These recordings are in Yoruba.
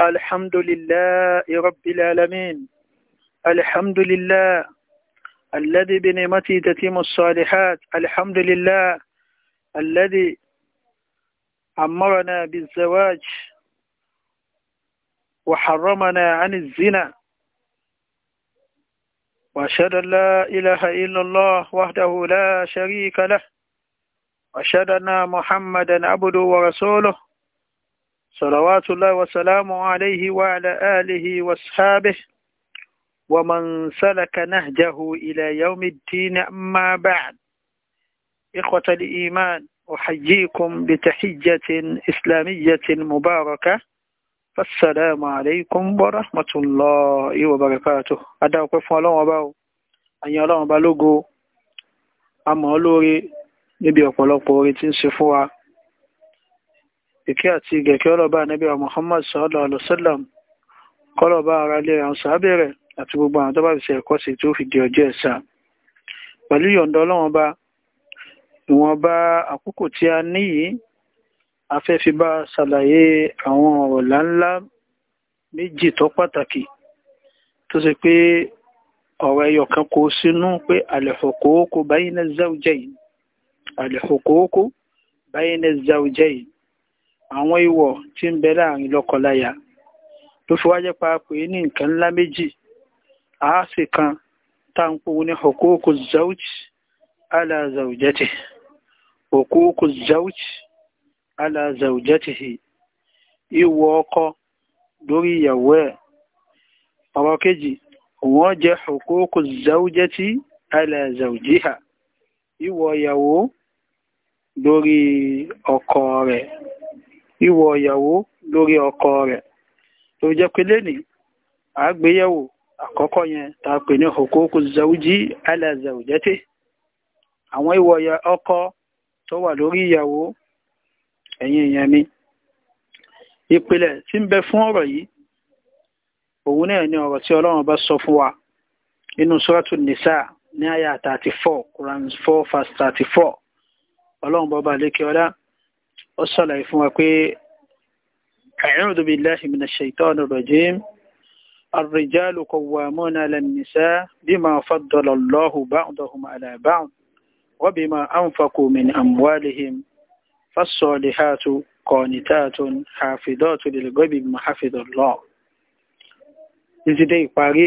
الحمد لله رب العالمين الحمد لله الذي بنعمته تتم الصالحات الحمد لله الذي أمرنا بالزواج وحرمنا عن الزنا وأشهد أن لا إله إلا الله وحده لا شريك له وأشهد أن محمدا عبده ورسوله صلوات الله وسلامه عليه وعلى آله وأصحابه ومن سلك نهجه إلى يوم الدين أما بعد إخوة الإيمان أحييكم بتحية إسلامية مباركة فالسلام عليكم ورحمة الله وبركاته أدعو كفو الله وباو أن يرى بلوغو أما لوري نبي أقول لك ìkẹ́ àti ìgẹ̀kẹ́ ọlọ́ba níbi Muhammad sallallahu alaihi wasallam kọlọ́ba ara ilé àwọn sàábẹ̀ rẹ̀ àti gbogbo àwọn tó bá fi ṣe ẹ̀kọ́ sí tó fi di ọjọ́ ẹ̀sà pẹ̀lú yọ̀ǹda ọlọ́wọ́n bá ìwọ̀nba àkókò tí a ní yìí a fẹ́ fi bá ṣàlàyé àwọn ọ̀rọ̀ láńlá méjì tó pàtàkì tó ṣe pé ọ̀rọ̀ ẹyọ kan kó sínú pé al-huququ bayna az-zawjayn al àwọn ìwọ̀ tí ń bẹ láàrin lọ́kọláya ló fi wájẹ́ paapò yìí ní nǹkan ńlá méjì àásì kan tá pòun ala zawjatihi huququ zawj ala ìwọ̀ ọkọ lórí ìyàwó ẹ̀ ọ̀rọ̀ kejì wọ́n jẹ́ huququ ala ìwọ̀ ìyàwó lórí ọkọ rẹ̀ ìwọ ìyàwó lórí ọkọ rẹ̀ tó jẹ́ pé lénìí àgbéyẹ̀wò àkọ́kọ́ yẹn tá a pè ní huququ zawji ala zawjati àwọn ìwọ ọkọ tó wà lórí ìyàwó ẹ̀yin èèyàn mi ìpìlẹ̀ tí ń bẹ fún ọ̀rọ̀ yìí òun náà ni ọ̀rọ̀ tí ọlọ́run bá sọ fún wa nínú suratu nisa ní àyà 34 Quran 4 verse 34 ọlọ́run bọ́ba lékè ọlá ó ṣàlàyé fún wa pé a'udhu billahi minash shaitani rajim الرجال قوامون على النساء بما فضل الله بعضهم على بعض وبما أنفقوا من أموالهم فالصالحات قانتات حافظات للغيب بما الله ìsìdé ìparí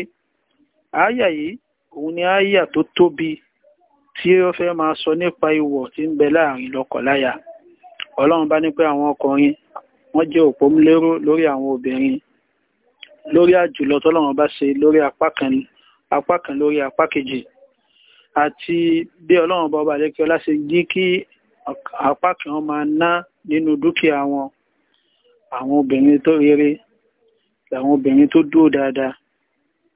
àyà yìí òun ni àyà tó tóbi tí ó fẹ́ máa sọ nípa ìwọ̀ tí ń bẹ láàrin lọ́kọ̀láyà ọlọ́run bá ní pé àwọn ọkùnrin wọ́n jẹ́ òpó lérò lórí àwọn obìnrin lórí àjùlọ tọ́lọ́run bá ṣe lórí apá kan apá kan lórí apá kejì àti bí ọlọ́run bá ọba lẹ́kẹ́ ọlá ṣe jí kí apá kan máa ná nínú dúkìá wọn àwọn obìnrin tó rere àwọn obìnrin tó dúró dáadáa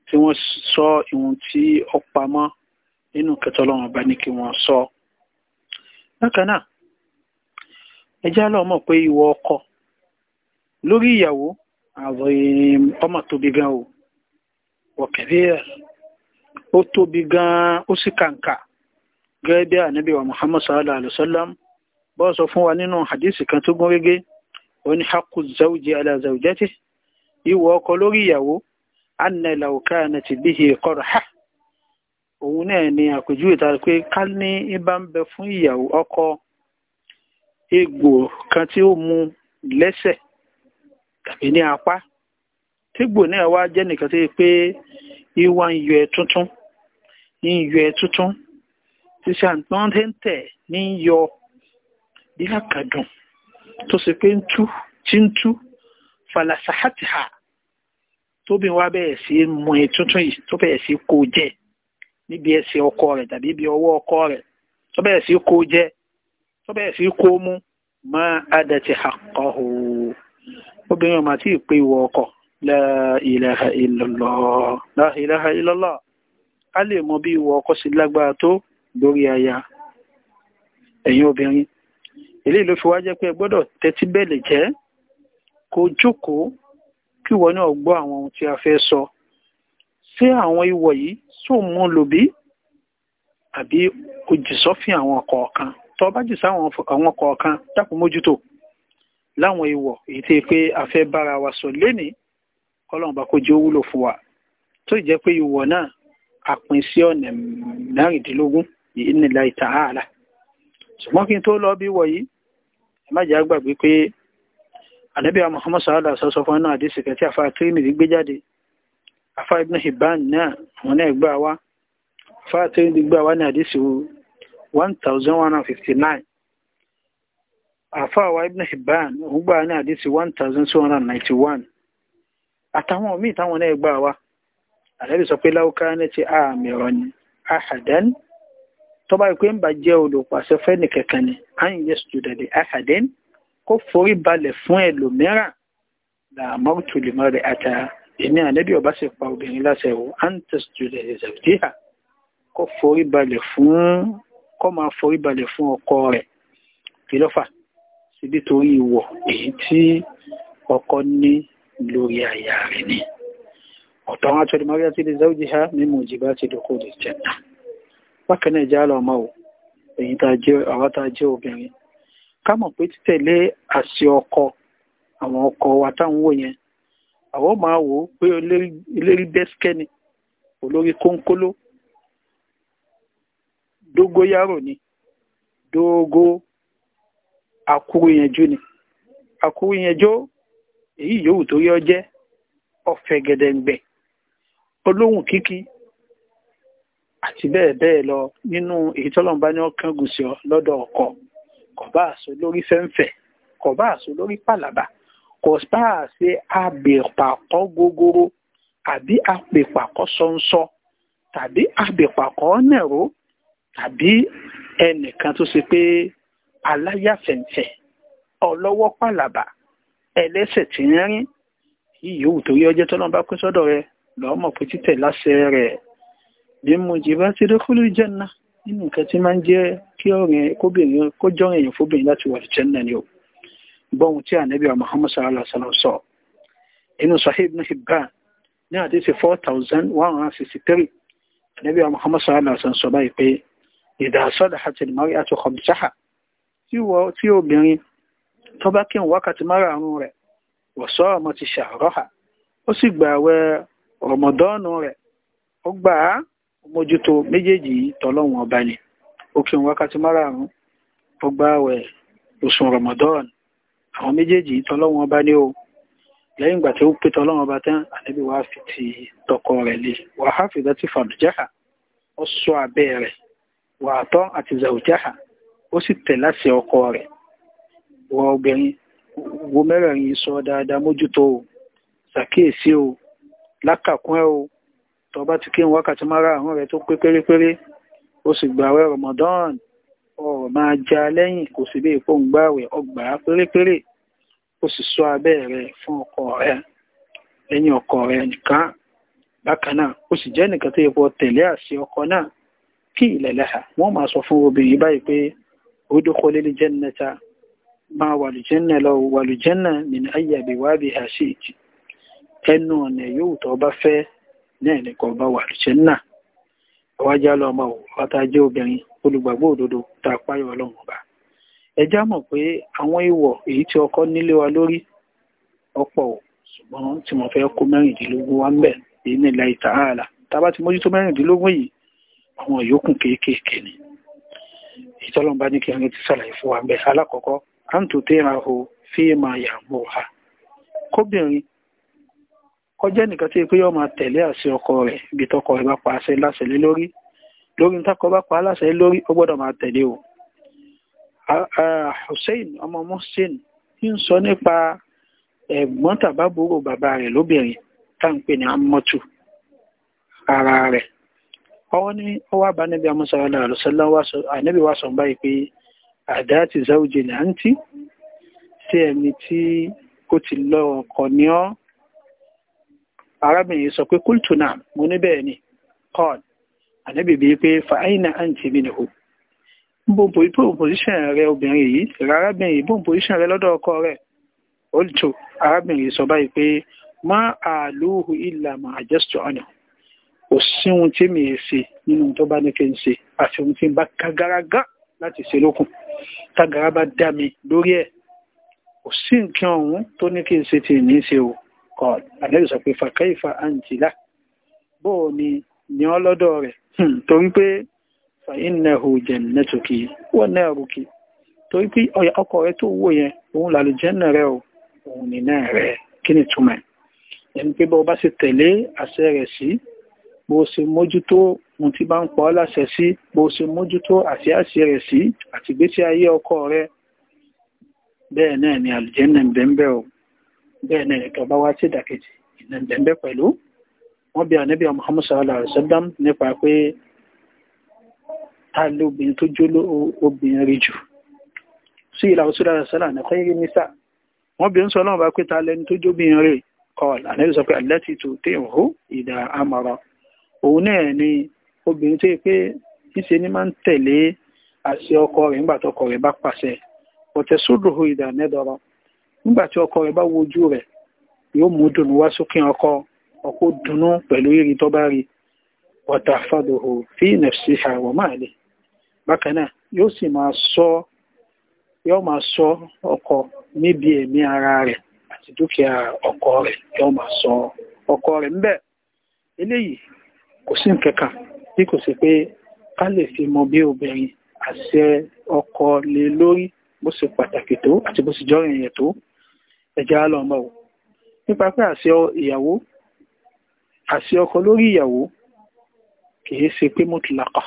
tí wọ́n sọ ìwọ̀n tí ó pamọ́ nínú kẹtọ́lọ́run bá ní kí wọ́n sọ. bákan náà ẹ jẹ́ lọ́ọ́ mọ̀ pé ìwọ ọkọ lórí ìyàwó àwọn ọmọ tóbi gan o wọ̀kẹ̀rí ẹ̀ ó tóbi gan ó sì kàǹkà gẹ́gẹ́ bí ànábì wa muhammad sallallahu alaihi wa sallam bọ́ sọ fún wa nínú hadith kan tó gún régé ó ní haqqu zawji ala zawjati ìwọ ọkọ lórí ìyàwó anna law kanat bihi qarha òun náà ni àpèjúwe ta pé ká ní ibà ń bẹ fún ìyàwó ọkọ egbò kan tí ó mu lẹ́sẹ̀ tàbí ní apá tígbò náà wá jẹ́ nìkan tó pé ìwà ń tuntun ń yọ ti tuntun tí ṣàǹtàn tẹ́ǹtẹ̀ ní yọ bí àkàdùn tó sì pé ń tú tí ń tú falasahatiha tóbi wá sí tuntun yìí tó bẹ̀rẹ̀ sí kó tabi níbi ẹsẹ̀ ọkọ rẹ̀ tàbí ibi ọwọ́ ọkọ rẹ̀ tó bẹ̀rẹ̀ sí má adàtì àkọ́hù obìnrin ọmọ àti ìpé ìwọ ọkọ la ilaha illallah la ilaha illallah a lè mọ bí ìwọ ọkọ sí lágbára tó lórí aya ẹ̀yin obìnrin ilé ìlú fi wá jẹ́ pé gbọ́dọ̀ tẹ́tí bẹ́ẹ̀lì jẹ́ kó jókòó kí ìwọ náà gbọ́ àwọn ohun tí a fẹ́ sọ sí àwọn ìwọ yìí sóun mú lòbí àbí ojìsọ́fìn àwọn kọ̀ọ̀kan tọ́ bá jù sáwọn àwọn kọ̀ọ̀kan mójútó láwọn ìwọ̀ èyí tí pé a wa sọ lénìí kọ́lọ́n bá jẹ́ fún wa tó jẹ́ pé ìwọ̀ náà a pín sí ọ̀nà mẹ́rìndínlógún yìí nílá ìtàhálà ṣùgbọ́n lọ bí ẹ má jẹ́ àgbàgbé pé Muhammad sàádà fún àfa gbé jáde 1159 àfáàwà ibn hibban òun gbà ní àdísì 1291 àtàwọn míì táwọn náà gbà wá àlẹ́bí sọ pé láwùká ní ti àmì ọ̀rọ̀ ni ahadan tó bá ìpé ń bà jẹ́ olùpàṣẹ fẹ́ni kẹ̀kẹ́ ni àyìn yẹ sùdùdàdì ahadan kó forí balẹ̀ fún ẹlòmíràn làmọ́tò lè mọ́ rẹ̀ àtà èmi àlẹ́bí ọba sì pa obìnrin láṣẹ wò antes jùlẹ̀ ìzàbíhà kó forí balẹ̀ fún kó máa forí balẹ̀ fún ọkọ rẹ̀ kí ló fà síbi torí ìwọ̀ èyí tí ọkọ ní lórí àyà rẹ̀ ni ọ̀tọ̀ àwọn atọ́lẹ̀ maria ti lè záwọ́jì ha mímú ìjìbá ti dòkó lè jẹta bákan náà ìjà lọ máa èyí àwọn tá a jẹ́ obìnrin ká mọ̀ pé títẹ̀lé àṣẹ ọkọ àwọn ọkọ wa táwọn wò yẹn àwọn máa wò ó pé olórí bẹ́sikẹ́ni olórí kónkóló dógóyárò ni dógó akúrúyẹnjú ni akúrúyẹnjó èyí yòówù tó yọ jẹ́ ọ̀fẹ́ gẹ̀dẹ̀ǹgbẹ̀ olóhùn kíkí àti bẹ́ẹ̀ bẹ́ẹ̀ lọ nínú èyí tọ́lọ́mbá ní ọkàn gùsì ọ lọ́dọ̀ ọkọ kò bá àṣọ lórí fẹ́ǹfẹ̀ kò bá àṣọ lórí pàlàbà kò bá àṣe àbèpàkọ́ gógóró àbí àpèpàkọ́ sọ́nsọ́ tàbí àbèpàkọ́ nẹ̀ró tàbí ẹnìkan tó ṣe pé aláyàfẹ̀ǹfẹ̀ ọlọ́wọ́ pàlàbà ẹlẹ́sẹ̀ tí ń rìn yíyí òwú torí ọjọ́ tọ́lọ́n bá pín sọ́dọ̀ rẹ lọ́ọ́ mọ̀ pé títẹ̀ láṣẹ rẹ̀ bí mo jì bá ti dókòlù jẹ́nà nínú nǹkan tí máa ń jẹ́ kí ọ̀rìn kóbìnrin kó jọ́rìn èèyàn fóbìnrin láti wà jẹ́nà ni o gbọ́hun tí ànábì wa sallallahu alaihi wasallam sọ inú Sahih Ibn ní àdéhùn four thousand one hundred sixty three ànábì wa Muhammad sallallahu alaihi wasallam sọ báyìí pé ìdásọ́dà àti ìmọ̀rí àti kọ̀mṣáhà tí obìnrin tó bá kí n wákàtí márààrún rẹ̀ wọ̀sọ́ ọmọ ti ṣàrọ́hà ó sì gbà àwẹ̀ ọmọdọ́ọ̀nù rẹ̀ ó gbà á mójútó méjèèjì yìí tọ́lọ́wọ̀n ọba ni ó kí n wákàtí márààrún ó gbà àwẹ̀ oṣù rọmọdọ́ọ̀nù àwọn méjèèjì yìí tọ́lọ́wọ̀n ọba ni ó lẹ́yìn ìgbà tí ó pé tọ́lọ́wọ̀n ọba tán ànábì fi ti tọkọ rẹ̀ lé wàá fi ti fàdújáhà ó sọ abẹ́ rẹ̀ wà àtọ́ àti zaujaha ó sì tẹ̀ láti ọkọ rẹ̀ wọ obìnrin wo mẹ́rẹ̀ẹ̀rin sọ dáadáa mójútó o ṣàkíyèsí o lákàkún ẹ o tó ti kírun wákàtí márààrún rẹ̀ tó pé pérépéré ó sì gbààwẹ̀ Ramadan ọ̀rọ̀ máa já lẹ́yìn kò sì bí ipò ń gbààwẹ̀ ọgbà pérépéré ó sì sọ abẹ́ rẹ̀ fún ọkọ rẹ̀ lẹ́yìn ọkọ rẹ̀ nìkan bákan náà ó sì jẹ́ nìkan tó yẹ kó tẹ̀lé àṣẹ ọkọ náà kí ilẹ̀ lẹ́hà wọ́n máa sọ fún obìnrin báyìí pé ó dókó lé jẹ́nẹta máa wàlùjẹ́nà lọ wàlùjẹ́nà min ayyabi wábi àṣíìtì ẹnu ọ̀nà yóò tọ́ bá fẹ́ náà ní kọ́ bá wàlùjẹ́nà àwájá lọ ọmọ òwúrọ̀ta jẹ́ obìnrin olùgbàgbọ́ òdodo tá a páyọ̀ ọlọ́run ọba ẹjá mọ̀ pé àwọn ìwọ̀ èyí tí ọkọ nílé wa lórí ọ̀pọ̀ ṣùgbọ́n tí mo fẹ́ kó mẹ́rìndínlógún wá ń bẹ̀ èyí ní láì tààlà tá ti mójútó mẹ́rìndínlógún yìí àwọn yòókù kéékèèké ni ìtọ́lọ́n bá ní kí ẹni ti sàlàyé fún wa bẹ́ẹ̀ alákọ̀ọ́kọ́ à ń tò téra o fi máa yà mọ́ ha kóbìnrin kọjá nìkan tí pé yóò máa tẹ̀lé àṣẹ ọkọ rẹ̀ ibi tọkọ rẹ̀ bá pa àṣẹ láṣẹ lé lórí lórí ntakọ bá pa aláṣẹ lórí ó gbọ́dọ̀ máa tẹ̀lé o Hussein ọmọ Mohsin ń sọ nípa ẹ̀gbọ́n tàbábúrò bàbá rẹ̀ lóbìnrin tá ń pè ní amọ́tù ara rẹ̀ ọwọ́ ní ọwọ́ bá níbi amúsàwọ́lá àlùsọ́lá ànábì wá sọ báyìí pé àdá ti záwùjẹ là ń tí sí ẹni tí ó ti lọ ọkọ ní ọ arábìnrin sọ pé kúltùnà mo ní bẹ́ẹ̀ ni paul ànábì bíi pé fàáyínà àǹtí mi nìkú bóńbó pòsíṣàn rẹ obìnrin yìí arábìnrin bóńbó pòsíṣàn rẹ lọ́dọ̀ ọkọ rẹ olùtò arábìnrin sọ báyìí pé má àlùhù ìlà àjẹsùn ọ̀nà kò sí ohun tí mi è ṣe nínú ohun tó bá ní kí n ṣe àti ohun tí n bá kagaraga láti ṣe lókun tágara bá dá mi lórí ẹ̀ kò sí nǹkan ọ̀hún tó ní kí n ṣe tí ní ṣe o kọ àlẹ́rìí sọ pé fàkẹ́yìfà àǹtìlá bóò ni ní ọ lọ́dọ̀ rẹ̀ hmm, torí pé fàyínnahu jannatuki wa naruki torí pé ọkọ rẹ tó wò yẹn òun làlùjẹ́nà rẹ o òun nìyẹn rẹ kí ni túmọ̀ ẹni pé bọ́ bá ṣe tẹ̀lé àṣẹ rẹ̀ sí bó ṣe mójútó ohun tí bá ń pa ọ́ láṣẹ sí bó ṣe mójútó àti àṣẹ rẹ̀ sí àti gbésí ayé ọkọ rẹ bẹ́ẹ̀ náà ni àlùjẹ́nà ń bẹ́ẹ̀ o bẹ́ẹ̀ náà ẹ̀tọ́ bá wá sí ìdàkejì ìnà ń bẹ́ẹ̀ pẹ̀lú wọ́n bí ànábì Muhammad sallallahu alaihi wasallam nípa pé ta ló obìnrin tó jóló obìnrin rí jù sí ìlà òṣèlú àṣàlà ní kọ́yẹ́rì nísà wọ́n bí ń sọ ọlọ́run bá pé ta lẹni tó jóbìnrin rè kọ́ ànábì sọ àlẹ́tì tó téèhó ìdá àmọ̀ràn òun náà ni obìnrin tó yẹ pé níṣe ni máa ń tẹ̀lé àṣẹ ọkọ rẹ̀ nígbà tí ọkọ rẹ̀ bá pàṣẹ ọ̀tẹ̀ sódò ìdà nẹ́dọ̀rọ̀ nígbà tí ọkọ rẹ̀ bá wojú rẹ̀ yóò mú dùnú wá sókè ọkọ ọkọ dùnú pẹ̀lú rírí tó bá rí ọ̀tà fàdòhò fi nẹ̀fṣì àwọ̀ máa lè bákan náà yóò sì máa sọ yóò máa sọ ọkọ níbi ẹ̀mí ara rẹ̀ àti dúkìá ọkọ rẹ̀ yóò máa sọ ọkọ rẹ̀ ń bẹ eléyìí kò sí nkẹ́kà bí kò sí pé ká lè fi mọ bí obìnrin àṣẹ ọkọ lé lórí bó ṣe pàtàkì tó àti bó ṣe jọrìn ẹ̀yẹ̀ tó ẹ̀jẹ̀ á lọ mọ́ o nípa pé àṣẹ ìyàwó àṣẹ ọkọ lórí ìyàwó kìí ṣe pé mọ́tìlákà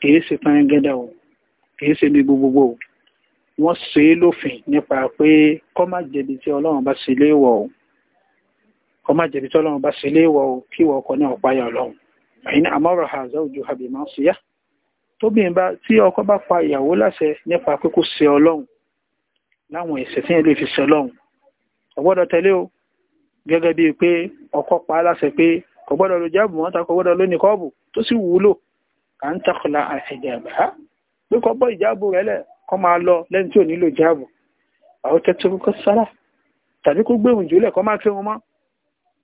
kìí ṣe pẹ́ńgẹ́dà o kìí ṣe ní gbogbogbò o wọ́n ṣe é lófin nípa pé kọ́ má jẹ̀bi tí ọlọ́run bá ṣe léèwọ̀ o kọ́ má jẹ̀bi tọ́lọ́run bá ṣe léèwọ̀ o kí ìwọ ọkọ náà páyà ọlọ́run àyìn àmọ́rọ̀ àzọ́ òjò àbìmọ́ sí yá tóbìnrin bá tí ọkọ bá pa ìyàwó láṣẹ nípa pé kó ṣe ọlọ́run láwọn ẹ̀ṣẹ̀ tí yẹn lè fi ṣe ọlọ́run kò gbọ́dọ̀ tẹ̀lé o gẹ́gẹ́ bíi pé ọkọ pa láṣẹ pé kò gbọ́dọ̀ lo jáàbù wọn ta kò gbọ́dọ̀ lónìí kọ́ọ̀bù tó sì wúlò kà ń takọ̀la àṣẹjẹ àbá pé kọ́ bọ́ ìjáàbù rẹ̀ lẹ̀ kọ́ máa lọ lẹ́ni tí ò nílò jáàbù àwọn tẹ́tí kọ́ sára tàbí kó gbé òǹjò lẹ̀ kọ́ máa kírun mọ́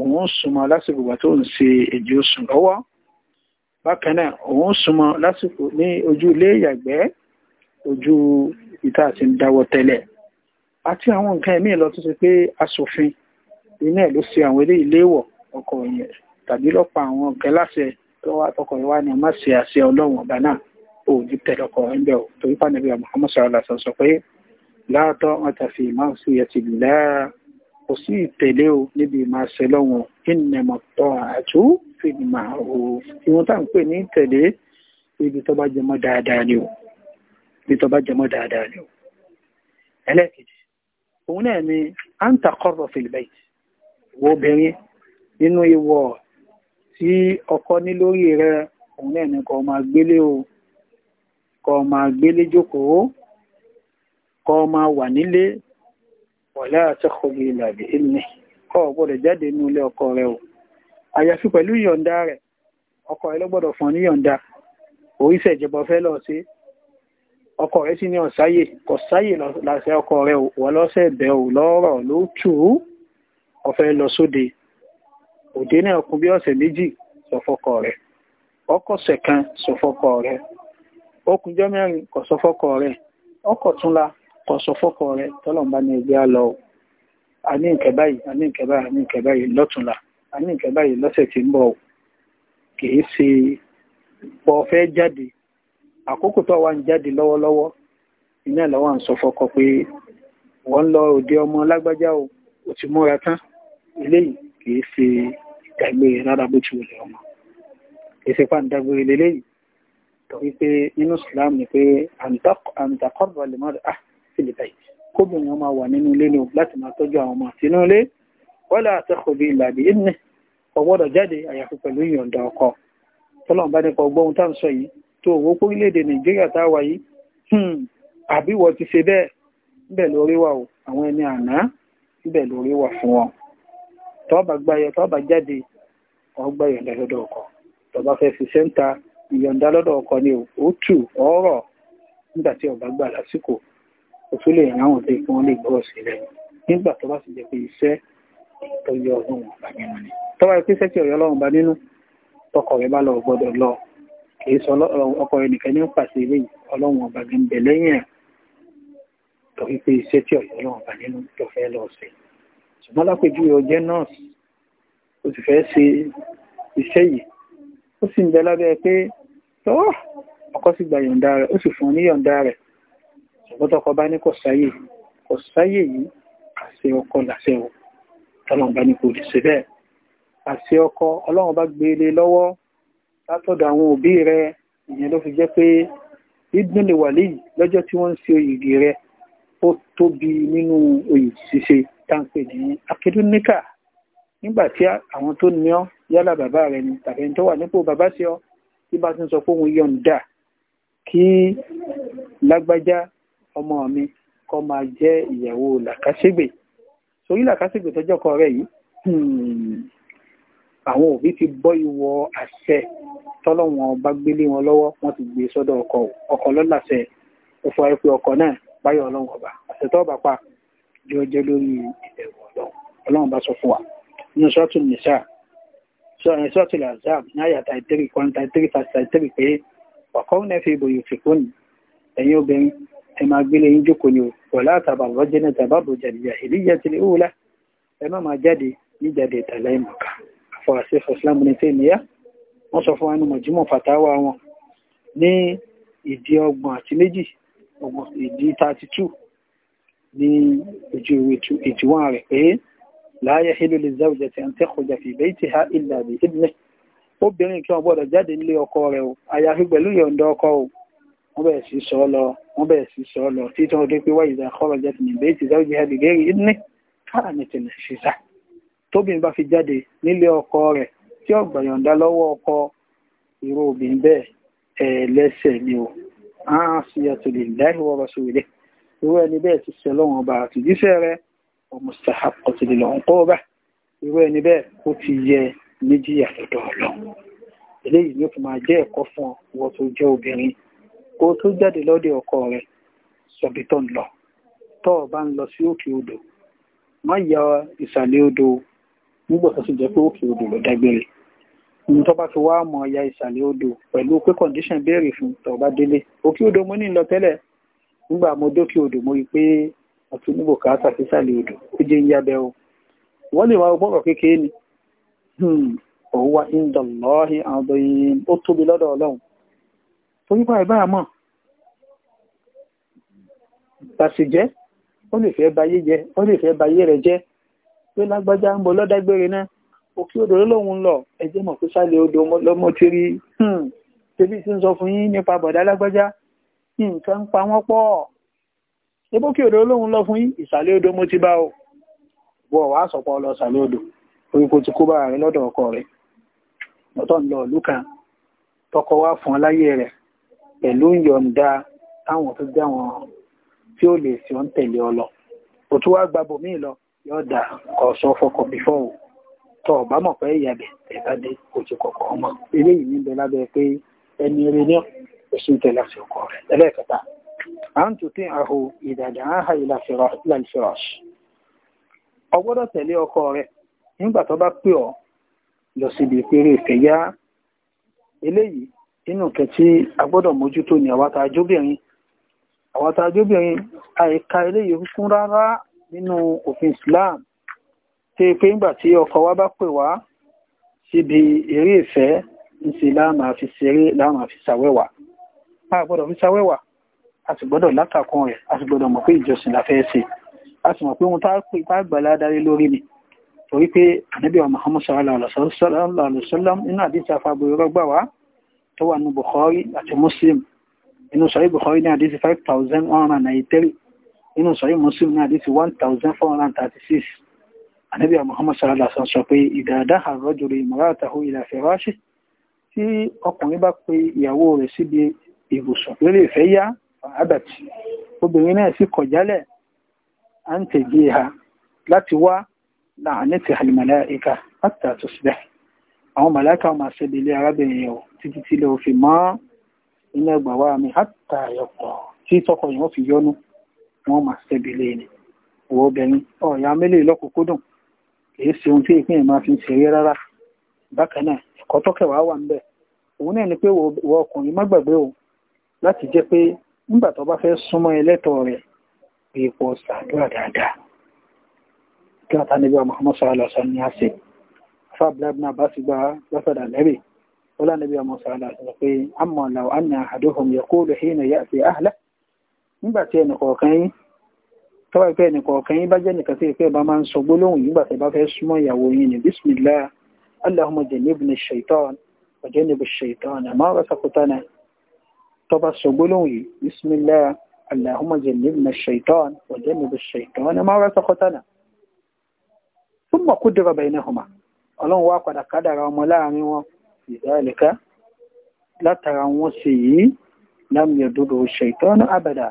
òun súnmọ́ lásìkò ìgbà tó ń ṣe èjì oṣù lọ́wọ́ bákan náà òun súnmọ́ lásìkò ní ojú ilé ìyàgbẹ́ ojú ìta àti ìdáwọ́ tẹ́lẹ̀ àti àwọn nǹkan ẹ̀mí lọ tó ṣe pé aṣòfin iná ẹ̀ ló ṣe àwọn ilé ìléwọ̀ ọkọ̀ yẹn tàbí lọ́pọ̀ àwọn nǹkan láṣẹ tó wá tọkọ̀ ìwá ni má ṣe àṣẹ ọlọ́run ọ̀bá náà ò ní tẹ̀lé ọkọ̀ ẹ̀ ń bẹ̀ ò torí pàdé bí Muhammad sallallahu alaihi wasallam sọ pé láàtọ̀ wọn tàfi máa ń sí ẹ̀ ti lẹ́ẹ̀ kò sí ìtẹ̀lé o níbi ìmáṣẹ lọ́wọ́n ìnẹ̀mọ̀ tọ́ àtú fìdímà o ìwọ̀n tá à ń pè ní ìtẹ̀lé ibi tó bá jẹmọ́ dáadáa ni o ibi tó bá jẹmọ́ dáadáa ni o ẹlẹ́ẹ̀kejì òun náà ni à ń takọ̀rọ̀ fìlìbẹ́ẹ̀t wo obìnrin nínú ìwọ̀ tí ọkọ ní lórí rẹ òun náà ni kó máa gbélé o kó máa gbélé jókòó kó máa wà nílé wọ̀lẹ́ àtẹ́kọ̀ọ́ ilẹ̀ àbí ìmì kọ́ ọ gbọ́dọ̀ jáde ní ilé ọkọ rẹ o àyàfi pẹ̀lú ìyọ̀ǹda rẹ̀ ọkọ rẹ ló gbọ́dọ̀ fún ní yọ̀ǹda oríṣẹ́ ìjọba fẹ́ lọ sí ọkọ rẹ sì ní ọ̀sáyè kò sáyè láṣẹ ọkọ rẹ o wọ́n lọ́sẹ̀ bẹ̀ o lọ́rọ̀ ló tù ú ọ̀fẹ́ lọ sóde òde náà kún bí ọ̀sẹ̀ méjì sọ rẹ ọkọ̀ọ̀sẹ̀ kan sọ rẹ ó mẹ́rin kò sọ rẹ ọkọ̀ túnla kọ sọ fọ́kọ rẹ tọ́lọ̀mbá ní ẹgbẹ́ àlọ́ àní nǹkan báyìí àní nǹkan báyìí àní nǹkan báyìí lọ́tùnla àní nǹkan báyìí lọ́sẹ̀ tí ń bọ̀ kìí ṣe pọ̀ fẹ́ jáde àkókò tó wà ń jáde lọ́wọ́lọ́wọ́ iná lọ́wọ́ ń sọ fọ́kọ pé wọ́n ń lọ òde ọmọ lágbájá o ò ti múra tán eléyìí kìí ṣe ìdágbére rárá bó ti wọlé ọmọ kìí ṣe pàǹdágbére lélẹ́yìí torí pé nínú Islam ni pé àǹtakọ̀rọ̀ lè má rẹ̀ sílẹ̀ kóbìnrin ọmọ wà nínú ilé ni láti máa tọ́jú àwọn ọmọ sínú ilé wọ́lá àtẹ́kọ̀ọ́bí ìlàdí ìní ọ̀gbọ́dọ̀ jáde àyàfi pẹ̀lú ìyọ̀ǹda ọkọ tọ́lọ́n bá nípa ọgbọ́n tá ń sọ yìí tó owó orílẹ̀-èdè nàìjíríà tá a wà yìí hmm, àbí wọ́n ti ṣe bẹ́ẹ̀ níbẹ̀ lórí wà o àwọn ẹni àná níbẹ̀ lórí wà fún wọn tọ́ọ̀bà gbayọ̀ tọ́ọ̀bà jáde ọgbà ìyọ̀ǹda lọ́dọ̀ ọkọ tọ́ọ̀bà fẹ́ fi sẹ́ńta ìyọ̀ǹda lọ́dọ̀ ọkọ ni ó tù ọ̀rọ̀ nígbà tí ọba gbà lásìkò ó lè rán àwọn tó kí wọ́n lè gbọ́ sí lẹ́nu nígbà tó bá sì jẹ́ pé iṣẹ́ tó yọ ọlọ́run ọba nínú ni tọ́wọ́ ẹ pé iṣẹ́ tí ọ̀yọ́ ọlọ́run bá nínú tọkọ rẹ bá lọ gbọ́dọ̀ lọ kìí sọ ọkọ rẹ nìkan ní pàṣẹ ilé ọlọ́run ọba gan bẹ̀ lẹ́yìn ẹ̀ torí pé iṣẹ́ tí ọ̀yọ́ ọlọ́run bá nínú tó fẹ́ lọ sí ṣùgbọ́n lápèjúwe ó jẹ́ nọ́ọ̀sì ó sì fẹ́ ṣe iṣẹ́ yìí ó sì ń bẹ lábẹ́ pé tọ́ sì gba yọ̀ǹda rẹ̀ ó sì fún un ní yọ̀ǹda rẹ̀ ṣùgbọ́n tọkọ bá ní kò sáyè kò sáyè yìí àṣẹ ọkọ làṣẹ o tọ́lọ́n bá ní kò lè ṣe bẹ́ẹ̀ àṣẹ ọkọ ọlọ́run bá gbé lé lọ́wọ́ látọ̀dọ̀ àwọn òbí rẹ ìyẹn ló fi jẹ́ pé ìdúnlé wàlẹ́ yìí lọ́jọ́ tí wọ́n ń ṣe oyìgì rẹ ó tóbi nínú oyè ṣíṣe táǹpẹ̀ ní akédúnníkà nígbà tí àwọn tó ní ọ yálà bàbá rẹ ni tàbí ẹni tó wà nípò bàbá sí ọ tí bá ti ń sọ pé òun yọ̀ǹda kí lágbájá ọmọ mi kọ́ máa jẹ́ ìyàwó làkàṣègbè sórí làkàṣègbè tọ́jọ́kọ rẹ̀ yìí hmm, àwọn òbí ti bọ́ ìwọ àṣẹ tọ́lọ́wọ́n bá gbélé wọn lọ́wọ́ wọ́n ti gbé sọ́dọ̀ ọkọ ọkọ lọ́làṣẹ ó fọ ẹ̀pẹ́ ọkọ náà báyọ̀ ọlọ́run ọba àṣẹ tọ́ bàpá yóò jẹ́ lórí ìbẹ̀wò ọlọ́run ọlọ́run bá sọ fún wa nínú sọ́ọ̀tù nìṣà sọ́ọ̀tù làzab ní àyà tàìtírì kan tàìtírì tàìtírì pé ọkọ̀ ń nẹ́fẹ̀ẹ́ ìbòyè òfìkún ẹ̀yìn obìnrin ẹ máa gbélé yín jókòó ni o wọ̀lá àtàbàrọ̀ jẹ́nà tàbàbò jàdìyà ìlíyà ti lè wúlá ẹ má máa jáde ní jáde ìtàlẹ́ ìmọ̀ká àfọwàṣẹ fọ̀sílámù ní tèmíyá wọ́n sọ fún wa ní mọ̀júmọ̀ fàtàwà wọn ní ìdí ọgbọ̀n àti méjì ìdí 32 ní ojú ìjùwọ̀n rẹ̀ pé láyé hílò lè záwùjẹ tí a ń tẹ́kọ̀ọ́jà wọ́n bẹ̀rẹ̀ sí sọ lọ wọ́n bẹ̀rẹ̀ sí sọ lọ tí tí wọ́n dé pé wáyé ìdá kọ́rọ̀ jẹ́ tìǹbù èyí ti záwọ́ jihad gẹ́rì ní káàní tìǹbù ṣiṣà tóbìnrin bá fi jáde nílé ọkọ rẹ̀ tí ó gbà yọ̀ǹda lọ́wọ́ ọkọ irú obìnrin bẹ́ẹ̀ ẹ̀ẹ́lẹ́sẹ̀ ni o àásìyàtò lè láì wọ́rọ̀ sí ilé irú ẹni bẹ́ẹ̀ ti sẹ lọ́wọ́n ọba àtìjíṣẹ́ rẹ̀ ọmọsàkọ̀tì lè kó tó jáde lọ́dẹ ọkọ rẹ̀ sọ̀bí tó ń lọ tó o bá ń lọ sí òkè odò má ya ìsàlẹ̀ odò nígbà tó sì jẹ́ pé òkè odò ló dágbére ní tó bá fi wá mọ̀ ya ìsàlẹ̀ odò pẹ̀lú pé condition béèrè fún tó o bá délé òkè odò mo ní lọ tẹ́lẹ̀ nígbà mo dókè odò mo rí pé àti níbò káàtà sí sàlẹ̀ odò ó jẹ́ ń yábẹ́ o wọ́n lè wá ọgbọ́rọ̀ kékeré ni òun wá ń dọ̀lọ́ọ̀hìn àwọn torí bá ìbá àmọ́ tàṣì jẹ́ ó lè fẹ́ bayé jẹ́ ó lè fẹ́ bayé rẹ̀ jẹ́ pé lágbájá ń bọ̀ lọ́dágbére náà òkè odò lóhun lọ ẹjẹ́ mọ̀ pé sálẹ̀ odò lọ́mọ́tírí tẹ́bí hmm. tí ń sọ fún yín nípa bọ̀dá lágbájá nǹkan ń pa wọ́n pọ̀ ebó kí odò lóhun lọ fún yín ìsàlẹ̀ odò mo ti bá o wọ̀ wá sọ̀pọ̀ lọ sàlẹ̀ odò orí kò ti kó bá rẹ̀ lọ́dọ̀ ọkọ rẹ̀ ọ̀tọ̀ ń lọ ìlú kan tọkọ wá fún ọ láyé rẹ̀ pẹ̀lú ìyọ̀ǹda táwọn tó jẹ́ àwọn tí ó lè sí ọ́n tẹ̀lé ọ lọ kò tún wá gba bòmí lọ yóò dà kọ́ sọ fọkọ̀ bífọ́ o tọ́ ọ̀bá mọ̀ pé ìyàbẹ̀ ẹ̀ka dé ojú kọ̀ọ̀kan ọmọ eléyìí níbẹ̀ lábẹ́ pé ẹni eré náà kò sí tẹ̀lé àti ọkọ rẹ̀ ẹlẹ́ẹ̀kẹta à ń tún tín àhò ìdàdà áhà ìlàfẹ́rọ̀ṣì ọ gbọ́dọ̀ tẹ̀lé ọkọ rẹ̀ nígbà tó bá pè ọ́ lọ síbi ìpérè ìfẹ́yà eléyìí inú kẹ̀ tí a gbọ́dọ̀ mójútó ni àwátà ajóbìnrin àwátà ajóbìnrin àìka eléyìí kún rárá nínú òfin Islam tí pé ńgbà tí ọkọ wa bá pè wá síbi eré ìfẹ́ ń ṣe láàmà fi ṣeré láàmà fi ṣàwẹ́wà a gbọ́dọ̀ fi ṣàwẹ́wà a sì gbọ́dọ̀ látàkùn rẹ̀ a sì gbọ́dọ̀ mọ̀ pé ìjọsìn la fẹ́ ṣe a sì mọ̀ pé ohun tá gbà ládarí lórí ni torí pé ànábì wa sallallahu alaihi wa sallam nínú àdìsí afábọ̀ ìrọ́gbà wa tó wà ní Bukhari àti Muslim inú sọ̀rí Bukhari ní àdísì 5193 inú sọ̀rí Muslim ní àdísì 1436 anábíà Muhammad sallallahu alaihi wasallam sọ pé ìdàdá àrọ́jùrì ìmọ̀ràtàhó ìlà fẹ̀ráṣì tí ọkùnrin bá pe ìyàwó rẹ̀ síbi ìbùsùn lórí ìfẹ́ yá àbàtì obìnrin náà sì kọ̀jálẹ̀ à ń tẹ̀jì ha láti wá láàánẹ́tì àlìmọ̀lá ìka látàtúnṣe bẹ́ẹ̀ àwọn màláìka máa ṣẹlẹ̀ ilé arábìnrin yẹn o títí tí ilẹ̀ òfin mọ́ iná ẹgbà wá mi hátà tí tọkọ yẹn wọ́n fi yọnu wọ́n máa ṣẹlẹ̀ ilé ni òwò obìnrin ọ̀yà mélòó lọ́kùnkúndùn kìí ṣe ohun tí ìpín yẹn máa fi ń ṣeré rárá bákan náà ẹ̀kọ́ tọ́kẹ̀wá wà ń bẹ̀ òun náà ni pé wọ ọkùnrin má gbàgbé o láti jẹ́ pé nígbà tó bá fẹ́ súnmọ́ ẹlẹ́tọ̀ọ́ rẹ̀ èèpo ṣàdúrà dáadáa kí wọ́n ta níbi ọmọ ọmọ sọ̀rọ̀ fábíláàbínà bá sì gba lọ́sọ̀dà lẹ́bì ọlá níbi ọmọ sàádà sọ pé àmọ́ làwọn àmì àdóhùn yẹ kó lè hìnà yá sí àhàlẹ́ nígbà tí ẹnìkọ̀ọ̀kan yín tọ́wọ́ ìpẹ́ ẹnìkọ̀ọ̀kan yín bá jẹ́ nìkan sí ìpẹ́ bá máa ń sọ gbólóhùn nígbà tí bá fẹ́ súnmọ́ ìyàwó yín ní bísmìlá aláhùn jẹ̀nìbìnì ṣèitán ọ̀jẹ̀nìbì ṣèitán àmọ́ ọ̀rọ̀ sàkótánà tọ́ba sọ gbólóhùn yìí bísmìlá اللهم جنبنا الشيطان وجنب الشيطان ما رزقتنا ثم قدر بينهما ọlọ́run wá padà kádàrà ọmọ láàrin wọn ìdáàlẹ́ká látara wọn sì yìí lámìyàn dúdú ṣètọ́nù àbàdà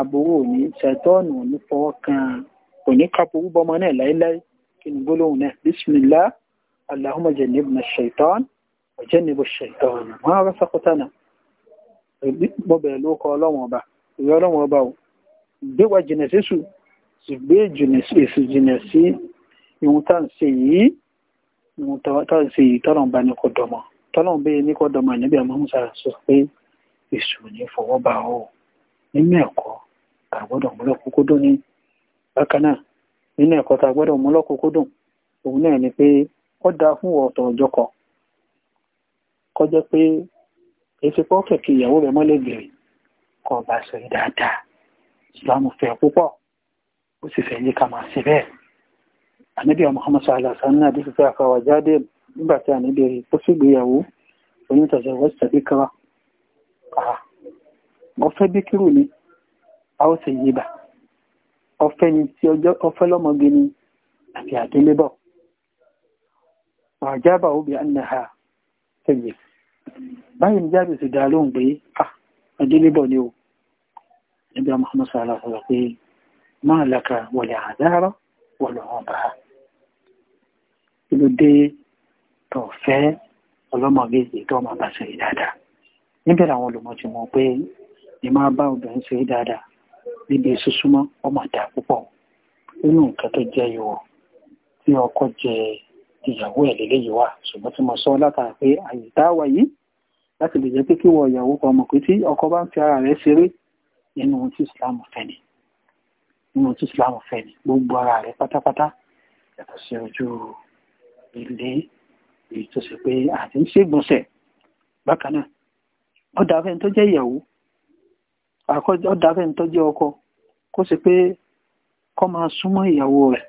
àbúrò ní ṣètọ́nù ní fọwọ́ kan òní kaporu bọmọ náà láíláí kí ni gbólóhùn náà bísmìlá allahumma jannibna ṣètọ́n ọ̀jẹ́nibó ṣètọ́n wọn rọ́ sọ́kọ́tánà mo bẹ̀rẹ̀ ló kọ ọlọ́run ọba ìwé ọlọ́run ọba ò gbé jìnà sí sùn sì gbé jìnà sí ìhun tá à ń ṣe yìí tọ́lọ̀ sí tọ́lọ̀ ń bá ní kó dọ̀mọ̀ tọ́lọ̀ ń bẹ́ẹ̀ ní kó dọ̀mọ̀ níbi àmọ́ musa sọ pé èṣù ní fọwọ́ bá o nínú ẹ̀kọ́ tá a gbọ́dọ̀ múlò kókó dùn ní bákan náà nínú ẹ̀kọ́ tá a gbọ́dọ̀ múlò kókó dùn òun náà ni pé ó dáa fún ọ̀tọ̀ ọjọ́ kan kọjá pé èsì pọ́fẹ̀kì ìyàwó rẹ̀ mọ́lẹ́gbẹ̀rẹ̀ kọ́ bá sọ yìí dáadáa ìsìlámù fẹ́ púpọ̀ ó sì fẹ́ yí ká máa ṣe bẹ́ẹ̀ ànábì Muhammad sallallahu alaihi wasallam àdìsí pé àfàwà jáde nígbà tí ànábì rí ó sì gbéyàwó onítọ̀sẹ̀ wọ́n sì kíkọ́ra ọfẹ́ bí kírù ni a ó sì yíba ọfẹ́ ni tí ọfẹ́ lọ́mọge ni àti àdélébọ̀ ọ̀jábà obì ànàhà tẹ̀yẹ̀ báyìí ní jáde sì dá lóhùn pé àdélébọ̀ ni o níbi Muhammad sallallahu alaihi wasallam pé laka wọlé àdáárọ̀ wọlé ọ̀bàá ló dé tó fẹ́ ọlọ́mọge èyí tó máa bá ṣe é dáadáa níbẹ̀ làwọn olùmọ̀ ti mọ̀ pé ẹ máa bá obìnrin ṣe é dáadáa níbi ìsúsúmọ́ ọmọ dà púpọ̀ nínú nǹkan tó jẹ́ ìwọ̀ tí ọkọ jẹ ìyàwó ẹ̀ lélẹ́yìí wà ṣùgbọ́n tí mo sọ látara pé àyè tá a wà yìí láti lè jẹ́ pé kí wọ ìyàwó kan mọ̀ pé tí ọkọ bá ń fi ara rẹ̀ ṣeré nínú ohun tí Islam fẹ́ ni nínú ohun tí Islam fẹ́ ni gbogbo ara rẹ̀ pátápátá yàtọ̀ sí ojú ilé èyí tó ṣe pé àti ń ṣègbọ̀nsẹ̀ bákan náà ọ̀dà afẹ́ni tó jẹ́ ìyàwó ọ̀dà afẹ́ni tó jẹ́ ọkọ kó ṣe pé kó máa súnmọ́ ìyàwó rẹ̀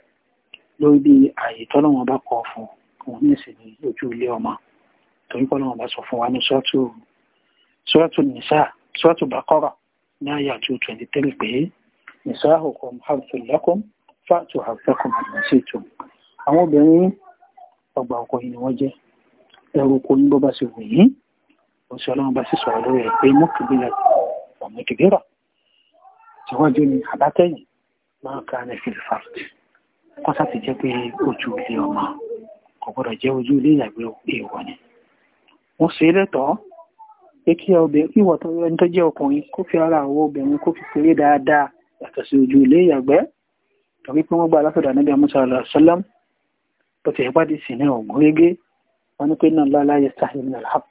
lórí bí ààyè tọ́lọ́wọ́n bá kọ fún òun ní ìsìn ní ojú ilé ọmọ torí pọ́lọ́wọ́n bá sọ fún wa ní sọ́ọ̀tù sọ́ọ̀tù nìsà sọ́ọ̀tù bàkọ́rà ní àyà 223 pé nìsà òkò mọ́hàrùtù lẹ́kùn fáàtù àfẹ́kùn àmì sí ìtò àwọn obìnrin ọgbà ọkọ yìí ni wọ́n jẹ́ ẹrù kò ní bó bá ṣe wù yín ó sì ọlọ́run bá sì sọ̀rọ̀ lórí ẹ̀ pé mọ́kìbílẹ̀ ọ̀mọ́kìbírọ̀ tí wọ́n jó ní àbátẹ́yìn máa ka ní fìlfàt kọ́sà ti jẹ́ pé ojú ilé ọmọ kò gbọ́dọ̀ jẹ́ ojú ilé ìyàgbé èèwọ̀ ni wọ́n ṣe lẹ́tọ̀ọ́ pé kí ìwọ̀ tó ẹni tó ọkùnrin kó fi ara àwọ̀ obìnrin kó fi péré dáadáa yàtọ̀ sí ojú ilé ìyàgbẹ́ tàbí pé wọ́n gba aláfẹ́dà níbi àmúṣà bó ti yẹpa di sí ní ọ̀gùn régé wọn ní pé náà lọ́la yẹ sáà ìmìnà alhaq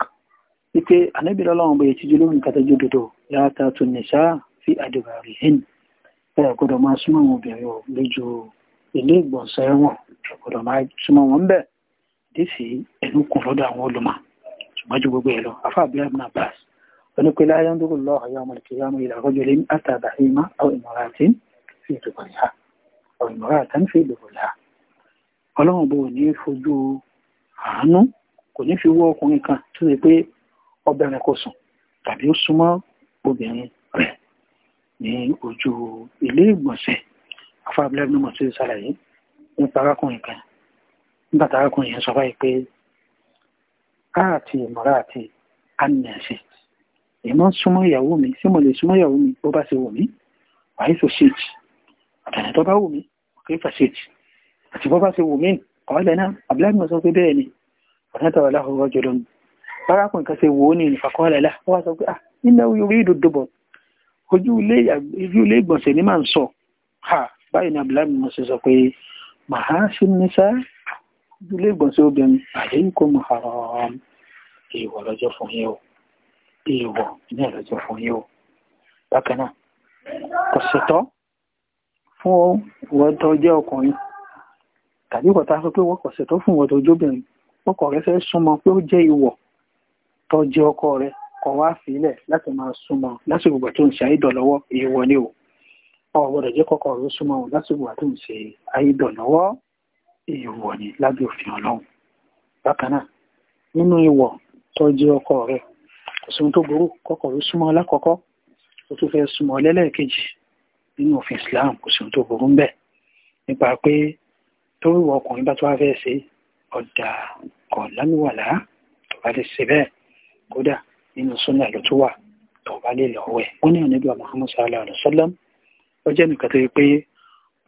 wípé ànábì lọ́lọ́wọ́n bẹ̀yẹ tíjú lórí nǹkan tẹ́jú dodo láta tún ní sáà fi àdìbà rí hìn bẹ́ẹ̀ gbọ́dọ̀ máa súnmọ́ wọn obìnrin ò lójú ilé ìgbọ̀nsẹ̀ wọn gbọ́dọ̀ máa súnmọ́ wọn bẹ́ẹ̀ dé ẹnu kùn lọ́dọ̀ àwọn olùmọ̀ ṣùgbọ́n ju gbogbo ẹ̀ lọ afá abúlé abúlé ọlọ́run bò ní fojú àánú kò ní fi wọ́ ọkùnrin kan tó ṣe pé ọbẹ̀rin kò sùn tàbí ó súnmọ́ obìnrin rẹ̀ ní ojú ilé ìgbọ̀nsẹ̀ afábílẹ̀ ní mọ̀tí ṣàlàyé nípa arákùnrin kan nígbà tí arákùnrin yẹn sọ báyìí pé káàtì ìmọ̀ra àti anìyànṣe ìmọ̀ súnmọ́ ìyàwó mi sí mo lè súnmọ́ ìyàwó mi bó bá ṣe wù mí wàá ìṣòṣèjì àtàlẹ́ tó bá wù mí kò kí fàṣèjì àti bọ́ bá ṣe wù mí ọ̀ọ́lẹ̀ náà abdullahi sọ pé bẹ́ẹ̀ ni ọ̀nà tàwọn aláhùrọ̀ jọdọ ni bárakùn kan ṣe wò ó ní ìfàkọ́ọ̀lẹ̀ là wọ́n sọ pé ah iná orí ìdòdòbọ̀ ojú ilé ìgbọ̀nsẹ̀ ni máa ń sọ ha báyìí ni abdullahi sọ sọ pé màá ṣe ní sá ojú ilé ìgbọ̀nsẹ̀ obìnrin àdéhùn kò mọ̀ haram èèwọ̀ lọ́jọ́ fún yín o èèwọ̀ ní ọ̀lọ́jọ́ fún yín o bákan náà fún ọwọ́ tó ọkùnrin tàbí kọ̀tà sọ pé wọ́n kọ̀ ṣètò fún wọn tó jóbìnrin ọkọ rẹ fẹ́ súnmọ́ pé ó jẹ́ ìwọ̀ tó jẹ́ ọkọ rẹ kọ̀ wá sílẹ̀ láti máa súnmọ́ lásìkò ìgbà tó ń ṣe àìdọ̀ lọ́wọ́ ìwọ̀ ni o ọ̀ gbọ́dọ̀ jẹ́ kọ́kọ́ rẹ súnmọ́ o lásìkò ìgbà tó ń ṣe àìdọ̀ lọ́wọ́ ìwọ̀ ni lábẹ́ òfin ọlọ́run bákan náà nínú ìwọ̀ tó jẹ́ ọkọ rẹ kò sí ohun tó burú kọ́kọ́ rẹ súnmọ́ lákọ̀ọ́kọ́ ó tún fẹ́ súnmọ́ lẹ́lẹ́ẹ̀kejì nínú òfin Islam kò sí ohun tó burú ń bẹ̀ nípa pé tó wíwọ ọkùnrin bá tó wá fẹ́ ṣe ọ̀dà kọ̀ lánúwàlá tó bá lè ṣe bẹ́ẹ̀ kódà nínú súnà ló tó wà tó bá lè lọ wẹ̀ wọ́n ní ànábì Muhammad sallallahu alaihi wasallam ó jẹ́ nìkan tó yẹ pé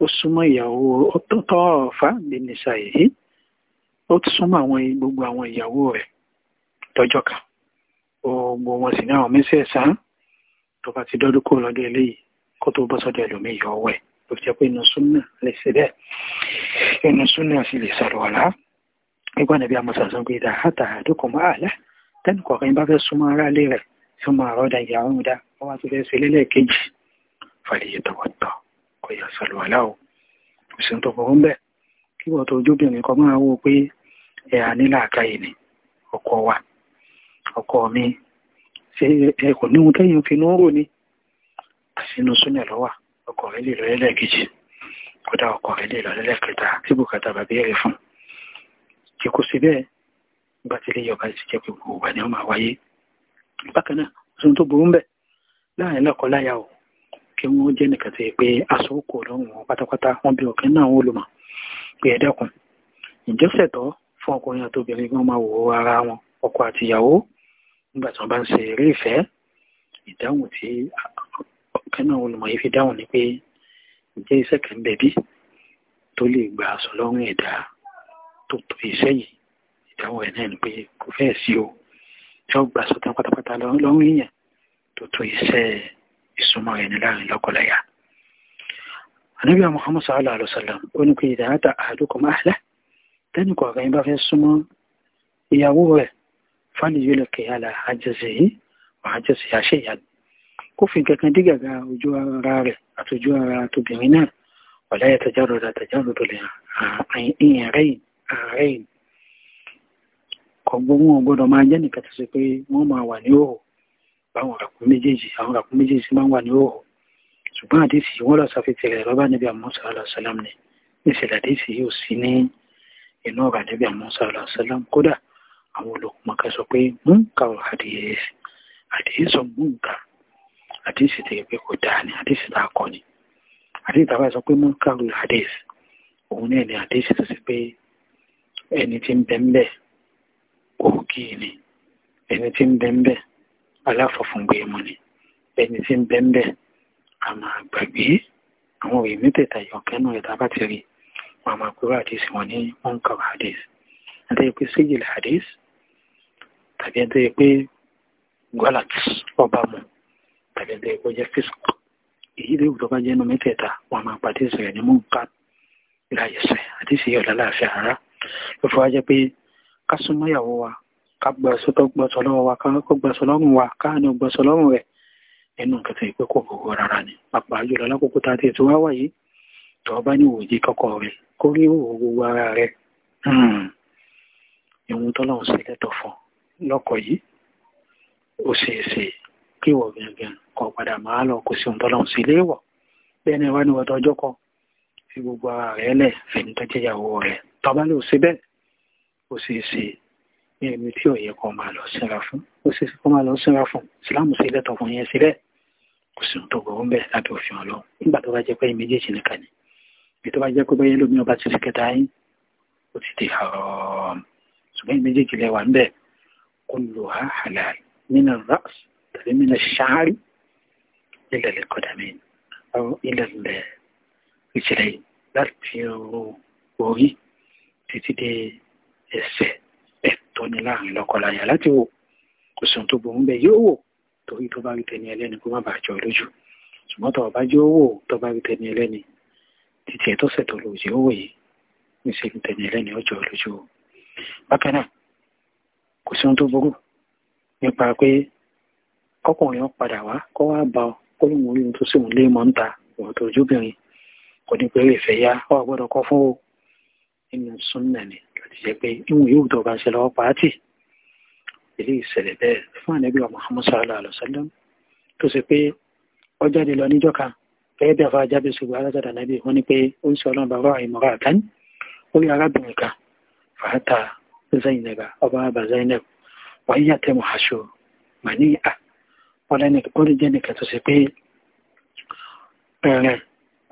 ó súnmọ́ ìyàwó ọ̀tọ̀ọ̀tọ̀ ọ̀fà lè nìṣà yìí ó súnmọ́ àwọn gbogbo àwọn ìyàwó rẹ̀ tọjọ́ kan gbogbo wọn sì ní àwọn mẹ́sẹ̀ẹ̀sán tó bá ti dọ́dún kó lọ́dọ̀ eléyìí kó tó bọ́ sọ́dọ̀ ẹlòmíì yọ ọwẹ́ tó jẹ́ pé inú súnà lè ṣe bẹ́ẹ̀ inú súnà sì lè sọ̀rọ̀ ọ̀la nígbà nàbí amọ̀sànsán pé ìdá àtà àdókò mọ́ àlá tẹ́nì kọ̀ọ̀kan bá fẹ́ súnmọ́ ara lé rẹ̀ tí ó máa rọ́dà ìyàwó ń dá wọ́n wá tó fẹ́ ṣe lélẹ̀ kejì fàlẹ́yẹ tọwọ́tọ̀ kò yà sọ̀rọ̀ o òṣèlú tó fọwọ́ ń bẹ̀ kí wọ́n tó jóbìnrin kan máa wò pé ẹ̀ à nílà àkáyè ni ọkọ wa ọkọ mi ṣe ẹ kò ní ohun tẹ́yìn fi nú rò ni àṣìnú súnà lọ́wọ́ ọkùnrin lè lọ lẹ́lẹ́kejì kódà ọkùnrin lè lọ lẹ́lẹ́kẹta tí bùkátà bá béèrè fún kí kò sí bẹ́ẹ̀ bá ti lè yọba ti jẹ́ pé gbogbo wà ní ọmọ àwáyé bákan náà sun tó burú bẹ́ẹ̀ láàrin lọ́kọ láya o kí wọ́n jẹ́ nìkan ti pé aṣọ òkò lọ́rùn wọn pátápátá wọn bí ọ̀kẹ́ náà wọn olùmọ̀ pé ẹ dẹ́kun ìjọsẹ̀ tọ́ fún ọkùnrin àtòbìnrin wọn máa wò ara wọn ọkọ àtìyàwó nígbà tí wọn bá ń ṣe eré ìfẹ́ ìdáhùn tí kánà olùmọ̀ yìí fi dáhùn ni pé ǹjẹ́ iṣẹ́ kan bẹ̀ bí tó lè gba aṣọ lọ́rùn ẹ̀dá tó tó iṣẹ́ yìí ìdáhùn ẹ̀ náà ni pé kò fẹ́ sí o tí ó gba aṣọ tán pátápátá lọ́rùn èèyàn tó tó iṣẹ́ ìsúnmọ́ rẹ̀ ní láàrin lọ́kọláya. Ànábì Muhammad sallallahu alaihi wasallam ó ní pé ìdáhàtà àdókò máa lẹ́ tẹ́nì kọ̀ọ̀kan yín bá fẹ́ súnmọ́ ìyàwó rẹ̀ fáni yóò lọ kẹ̀yà la àjẹsẹ̀ yìí àjẹsẹ̀ àṣẹ ìyá kó fi kankan dí gàgà ojú ara rẹ̀ àtòjú ara tóbìnrin náà wàlá yẹ tẹjárò rẹ tẹjárò tó lè ìyẹn rẹ yìí ààrẹ yìí kọ̀gbọ́n wọn gbọ́dọ̀ máa jẹ́ nìkan tó ṣe pé wọ́n máa wà ní òhò báwọn ràkún méjèèjì àwọn ràkún méjèèjì máa ń wà ní òhò ṣùgbọ́n àdéṣì wọ́n lọ sàfihàn rẹ̀ lọ́ba níbi àmúṣà aláṣálàm ni níṣẹ̀lẹ̀ àdéṣì yóò sí ní inú ọ̀rọ̀ níbi àmúṣà aláṣálàm kódà àwọn olùkọ́ mọ̀ká sọ pé mú nǹkan àdísì tó yẹ pé kò dáa ni àdísì tá a kọ ni àdísì tá a bá sọ pé mú kárò àdísì òun náà ni àdísì tó sì pé ẹni tí ń bẹ ń bẹ òògì ni ẹni tí ń bẹ ń bẹ aláfọ̀fúngbé mu ni ẹni tí ń bẹ ń bẹ àmà àgbàgbé àwọn òye mẹ́tẹ̀ẹ̀ta ìyọ̀kẹ́ náà ẹ̀ta bá ti rí wọn àmà kúrò àdísì wọn ní wọn kọ àdísì pé sígìlì àdísì tàbí ẹni pé gọ́làtì ọba mu tàbí ẹgbẹ́ ẹ̀kọ́ jẹ́ fíṣk èyí lè wùdọ́ bá jẹ́ ẹnu mẹ́tẹ̀ẹ̀ta wọn máa pàdé ìṣẹ̀lẹ̀ ní múnká ìlàyẹsẹ̀ àti ìṣẹ̀yẹ̀ ọ̀làláàfẹ́ ara ló fi wá jẹ́ pé ká súnmọ́ ìyàwó wa ká gbọ́sọ lọ́wọ́ wa ká gbọ́sọ lọ́rùn wa ká ní gbọ́sọ lọ́rùn rẹ̀ nínú nǹkan tó yẹ pé kò gbogbo rárá ni pàpà jùlọ lákòókò tá a ti tún wá wáyé tó o ní òòjì kọkọ rẹ kó rí òwò gbogbo ara rẹ hmm. ìhun tọ́lọ́run sí lẹ́tọ̀ fún lọ́kọ̀ yìí ó ṣeé ṣe kéwọ̀ gẹ́gẹ́ kọ̀ padà máa lọ kó sí ọ̀tọ́lọ́hún sí ilé wọ̀ bẹ́ẹ̀ ni wá ní wọ́n tọjọ́ kọ fi gbogbo ara rẹ̀ lẹ̀ fẹ̀mí tó jẹ́ ìyàwó rẹ̀ tọ́ba ló ṣe bẹ́ẹ̀ ó sì ṣe ní ẹ̀mí tí ò yẹ kó máa lọ síra fún ó sì kó máa lọ síra fún síláàmù sí ilẹ̀ tọkùn yẹn sí bẹ́ẹ̀ kò sí ohun tó gbọ́ ń bẹ̀ lábẹ́ òfin ọlọ́ nígbà tó bá jẹ́ pé méjèèjì nìkan ni èyí tó bá jẹ́ pé bẹ́ẹ̀ lómi ọba ti rí kẹta yín ó ti di haram ṣùgbọ́n méjèèjì lẹ́wà ń bẹ̀ kulluha halal min ar-ra's tàbí mìíràn ṣáárí ilẹ̀ lẹ́kọ̀dàmí ilẹ̀ lẹ́ ìṣẹ̀lẹ̀ láti ọ̀rọ̀ orí títí dé ẹsẹ̀ ẹ̀tọ́ ni láàrin lọ́kọláya láti wò kò sùn tó burú bẹ́ẹ̀ yóò wò torí tó bá rí tẹni ẹlẹ́ni kó má bàa jọ lójú ṣùgbọ́n tó bá jẹ́ owó tó bá rí tẹni ẹlẹ́ni títí ẹ̀ tó sẹ̀ tó lòdì owó yìí níṣẹ́ ní tẹni ẹlẹ́ni ọjọ́ lójú o bákan náà kò sí ohun tó burú nípa pé kọkùnrin ó padà wá kó wá bá ọ kó lóun orí tó sì ń lé mọ́ ń ta ìwọ̀n tó ojúbìnrin kò ní pé lè fẹ́ yá ọ gbọ́dọ̀ kọ fún o nínú súnnà ni láti jẹ́ pé ìwọ̀n yóò tó bá ṣe lọ́wọ́ pàátì ilé ìṣẹ̀lẹ̀ bẹ́ẹ̀ fún ànábì wa Muhammad sallallahu alaihi wasallam tó ṣe pé ó jáde lọ níjọ́ kan gẹ́gẹ́ bí afa ajábí ṣùgbọ́n alátàdà nàbí wọ́n ní pé ó ń sọ ọlọ́run bàbá ìmọ̀ra àtàn orí arábìnrin kan fàátà Zainab ọba àbà Zainab wàá yàtẹ̀ mọ̀ àṣọ màníyà ó lè jẹ́ nìkan tó ṣe pé ẹ̀rìn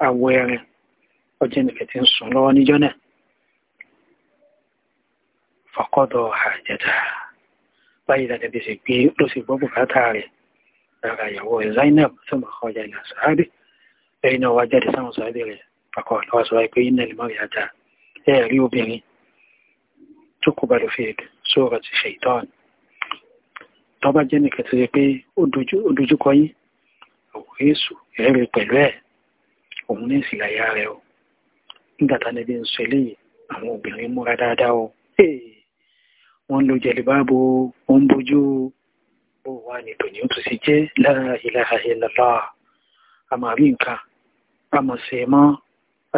àwọ̀ ẹ̀rìn ọjọ́ nìkan ti ń sùn lọ́wọ́ níjọ́ náà fàkọ́dọ̀ àjẹta báyìí láti bí ṣe gbé ló sì gbọ́ bùkátà rẹ̀ lára ìyàwó rẹ̀ Zainab tó mọ̀ ọjà ìlà sàárì lẹ́yìn náà wá jáde sáwọn sàárì rẹ̀ pàkọ́ lọ́wọ́ sọ pé iná lè mọ́rí ajá ẹ̀rí obìnrin tó kó bá lọ fi sóòrọ̀ ti ṣe ìtọ́ni tọ́ba jẹ́ nìkan tó yẹ pé ó dojúkọ yín ọ̀rọ̀ Jésù ẹ̀rẹ̀ pẹ̀lú ẹ̀ òun ní ìsìlẹ̀ ayá rẹ̀ o nígbà tá níbi ń sọ eléyìí àwọn obìnrin múra dáadáa o wọ́n ń lo jẹ̀lìbáàbò ó ń bójú bó wà ní tòní ó tún sì jẹ́ la ilaha illallah a máa nǹkan a mọ̀ sí ẹ mọ́ a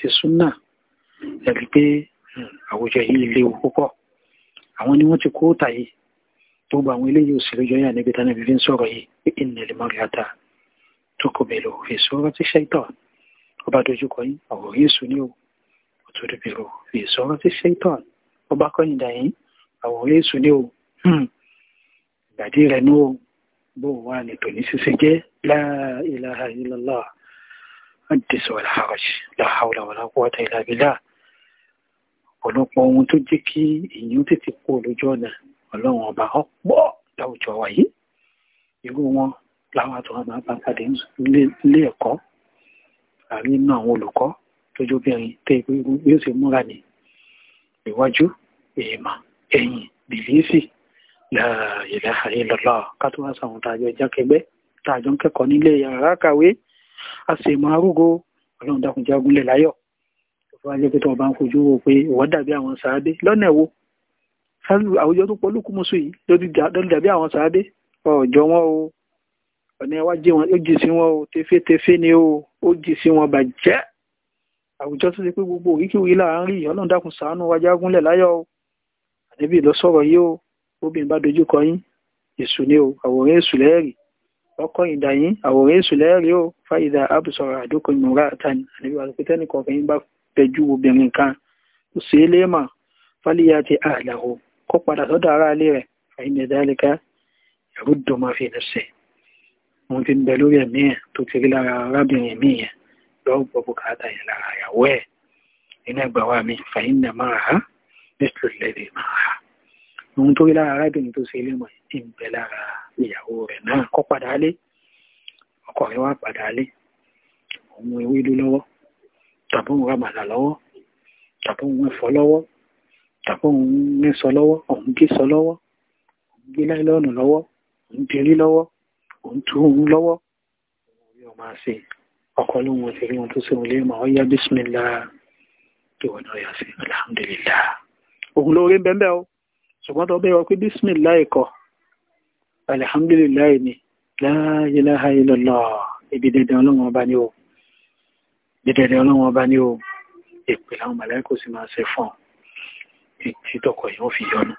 sí súnà ẹ̀rí pé hmm, àwùjọ yìí léwu púpọ̀ àwọn ni wọ́n ti kó tàyè tó gba àwọn eléyìí òṣèré yọyà níbi tánà fífi ń sọ̀rọ̀ yìí pé ìnẹ̀lẹ̀ mọ́ríata tó kò bèèrè èso ọ̀rọ̀ tí ṣẹ́tọ̀ ọba dojúkọ yín ọ̀rọ̀ yéṣu ní o ọ̀tún tó bèèrè èso ọ̀rọ̀ tí ṣẹ́tọ̀ ọba kọ́yìn dà yín ọ̀rọ̀ yéṣu ní o hmm. ìgbàdí rẹ̀ ní o bó wà ní tòní ṣíṣe jẹ́ la ilaha la wala quwwata illa billah ọ̀pọ̀lọpọ̀ ohun tó jẹ́ kí èèyàn tètè kú lójú ọ̀nà ọlọ́run ọba ọ̀pọ̀ láwùjọ wa yìí irú wọn láwọn àtọ̀rọ̀ máa bá pàdé nílé ẹ̀kọ́ àárín inú àwọn olùkọ́ tójóbìnrin tẹ́ yóò ṣe múra ní ìwájú èèmà ẹ̀yìn bìlíìsì láàyèlá ayélọ́lọ́ kátó wá sàwọn tààjọ jákẹgbẹ́ tààjọ ń kẹ́kọ̀ọ́ nílé yàrá kàwé a sì mọ arúgbó ọlọ́run dákun jágúnlẹ̀ láyọ̀ ìfọwọ́jẹ́ pé tó o bá ń fojú wo pé ìwọ́ àwọn sàábé lọ́nà ẹ̀wò sáré àwùjọ tó pọ̀ lókùmọ̀sọ yìí lọ́dún dàbí àwọn sàádé ọ̀jọ́ wọn o ọ̀nà iwájú wọn ó jì sí wọn o tefétefé ni o ó jì sí wọn bàjẹ́ àwùjọ tó ṣe pé gbogbo òríkìwí láàárín ọlọ́run dákun ṣàánú wájú agúnlẹ̀ láyọ̀ o àdébí lọ sọ̀rọ̀ yìí o obìnrin bá dojú kọ yín èṣù ni o àwòrán èṣù lẹ́ẹ̀rì ọkọ ìdá yín àwòrán èṣù lẹ́ẹ̀rì o fáyidà àbùsọ̀rọ̀ àdókò ìmúra àtàní àdébí wà pé tẹ́nìkọ̀ọ̀kan yín bá pẹ̀jú obìnrin kan ó ṣe é léèmọ̀ fálíyà kó padà sọ́dọ̀ ara ilé rẹ̀ fàyín ẹ̀dálẹ́ká ẹ̀rú dùnmọ́ fi nẹ́sẹ̀ wọ́n ti ń bẹ lórí ẹ̀mí ẹ̀ tó ti rí lára arábìnrin mi yẹn lọ́wọ́ gbọ́ bùkátà yẹn lára ìyàwó ẹ̀ nínú ẹgbà wa mi fàyín nà máa ha mẹ́sìlò lẹ́dẹ̀ máa ha ohun tó rí lára arábìnrin tó ṣe ilé mọ̀ ti ń bẹ lára ìyàwó rẹ̀ náà kó padà lé ọkọ rẹ̀ wá padà lé òun ewédú lọ́wọ́ tàbí òun ramàlà lọ́wọ́ tàbí òun ẹ̀fọ́ lọ́wọ́ òun ní sọ lọ́wọ́ òun gé sọ lọ́wọ́ òun gé láìlọ́ọ̀nù lọ́wọ́ òun dirí lọ́wọ́ òun tú òun lọ́wọ́ òun rí ọmọ àṣẹ ọkọ lóhun ti rí ohun tó ṣe òun lé mọ ọyá bísímìlá kí wọn náà yà sí alhamdulilá òun lóore ń bẹ́ẹ̀ o ṣùgbọ́n tó bẹ́ẹ̀ wọ pé bísímìlá ẹ̀kọ́ alhamdulilá ni la ilaha illallah ibi dẹ̀dẹ̀ ọlọ́run ọba ni o dẹ̀dẹ̀ ọlọ́run ọba ni o ìpìlẹ̀ àwọn mọ̀lẹ́kùn sì máa ṣe fún ọ títọkọ yóò fi yọnu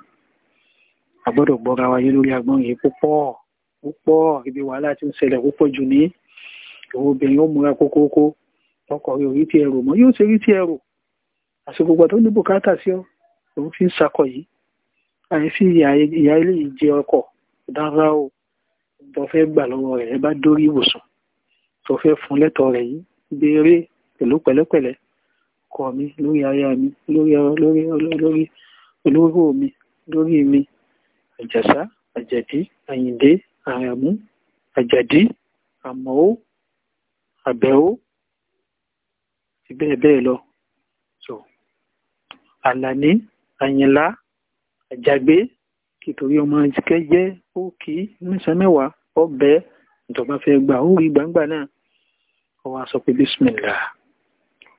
a gbọ́dọ̀ gbọ́ra wáyé lórí agbọ́n yìí púpọ̀ púpọ̀ ibi wàhálà tí ń ṣẹlẹ̀ púpọ̀ jù ní ìwọ obìnrin ó múra kókókó ọkọ rẹ orí ti ẹrù mọ yóò ṣe rí ti ẹrù àsìkò gbọ́dọ̀ ní bùkátà sí ọ òun fi ń sakọ yìí àyẹ̀fí ìyá ilé yìí jẹ ọkọ dára o tó fẹ́ gbà lọ́wọ́ rẹ̀ ẹ bá dórí ìwòsàn tó fẹ́ fún lẹ́tọ̀ọ́ rẹ̀ yìí béèrè pẹ̀lú pẹ̀lẹ́pẹ̀lẹ́ ọkọ mi lórí aya mi lórí lórí lórí olówó mi lórí mi àjàsá àjàdí àyìndé àràmú àjàdí àmọ́ó àbẹ̀ó àti bẹ́ẹ̀ bẹ́ẹ̀ lọ so àlàní àyìnlá àjàgbé kìtòrí ọmọ kẹjẹ ó kì í mẹ́sàn-án mẹ́wàá ọbẹ̀ ìjọba fẹ́ gbà ó rí gbangba náà ó wá sọ pé bísímìlá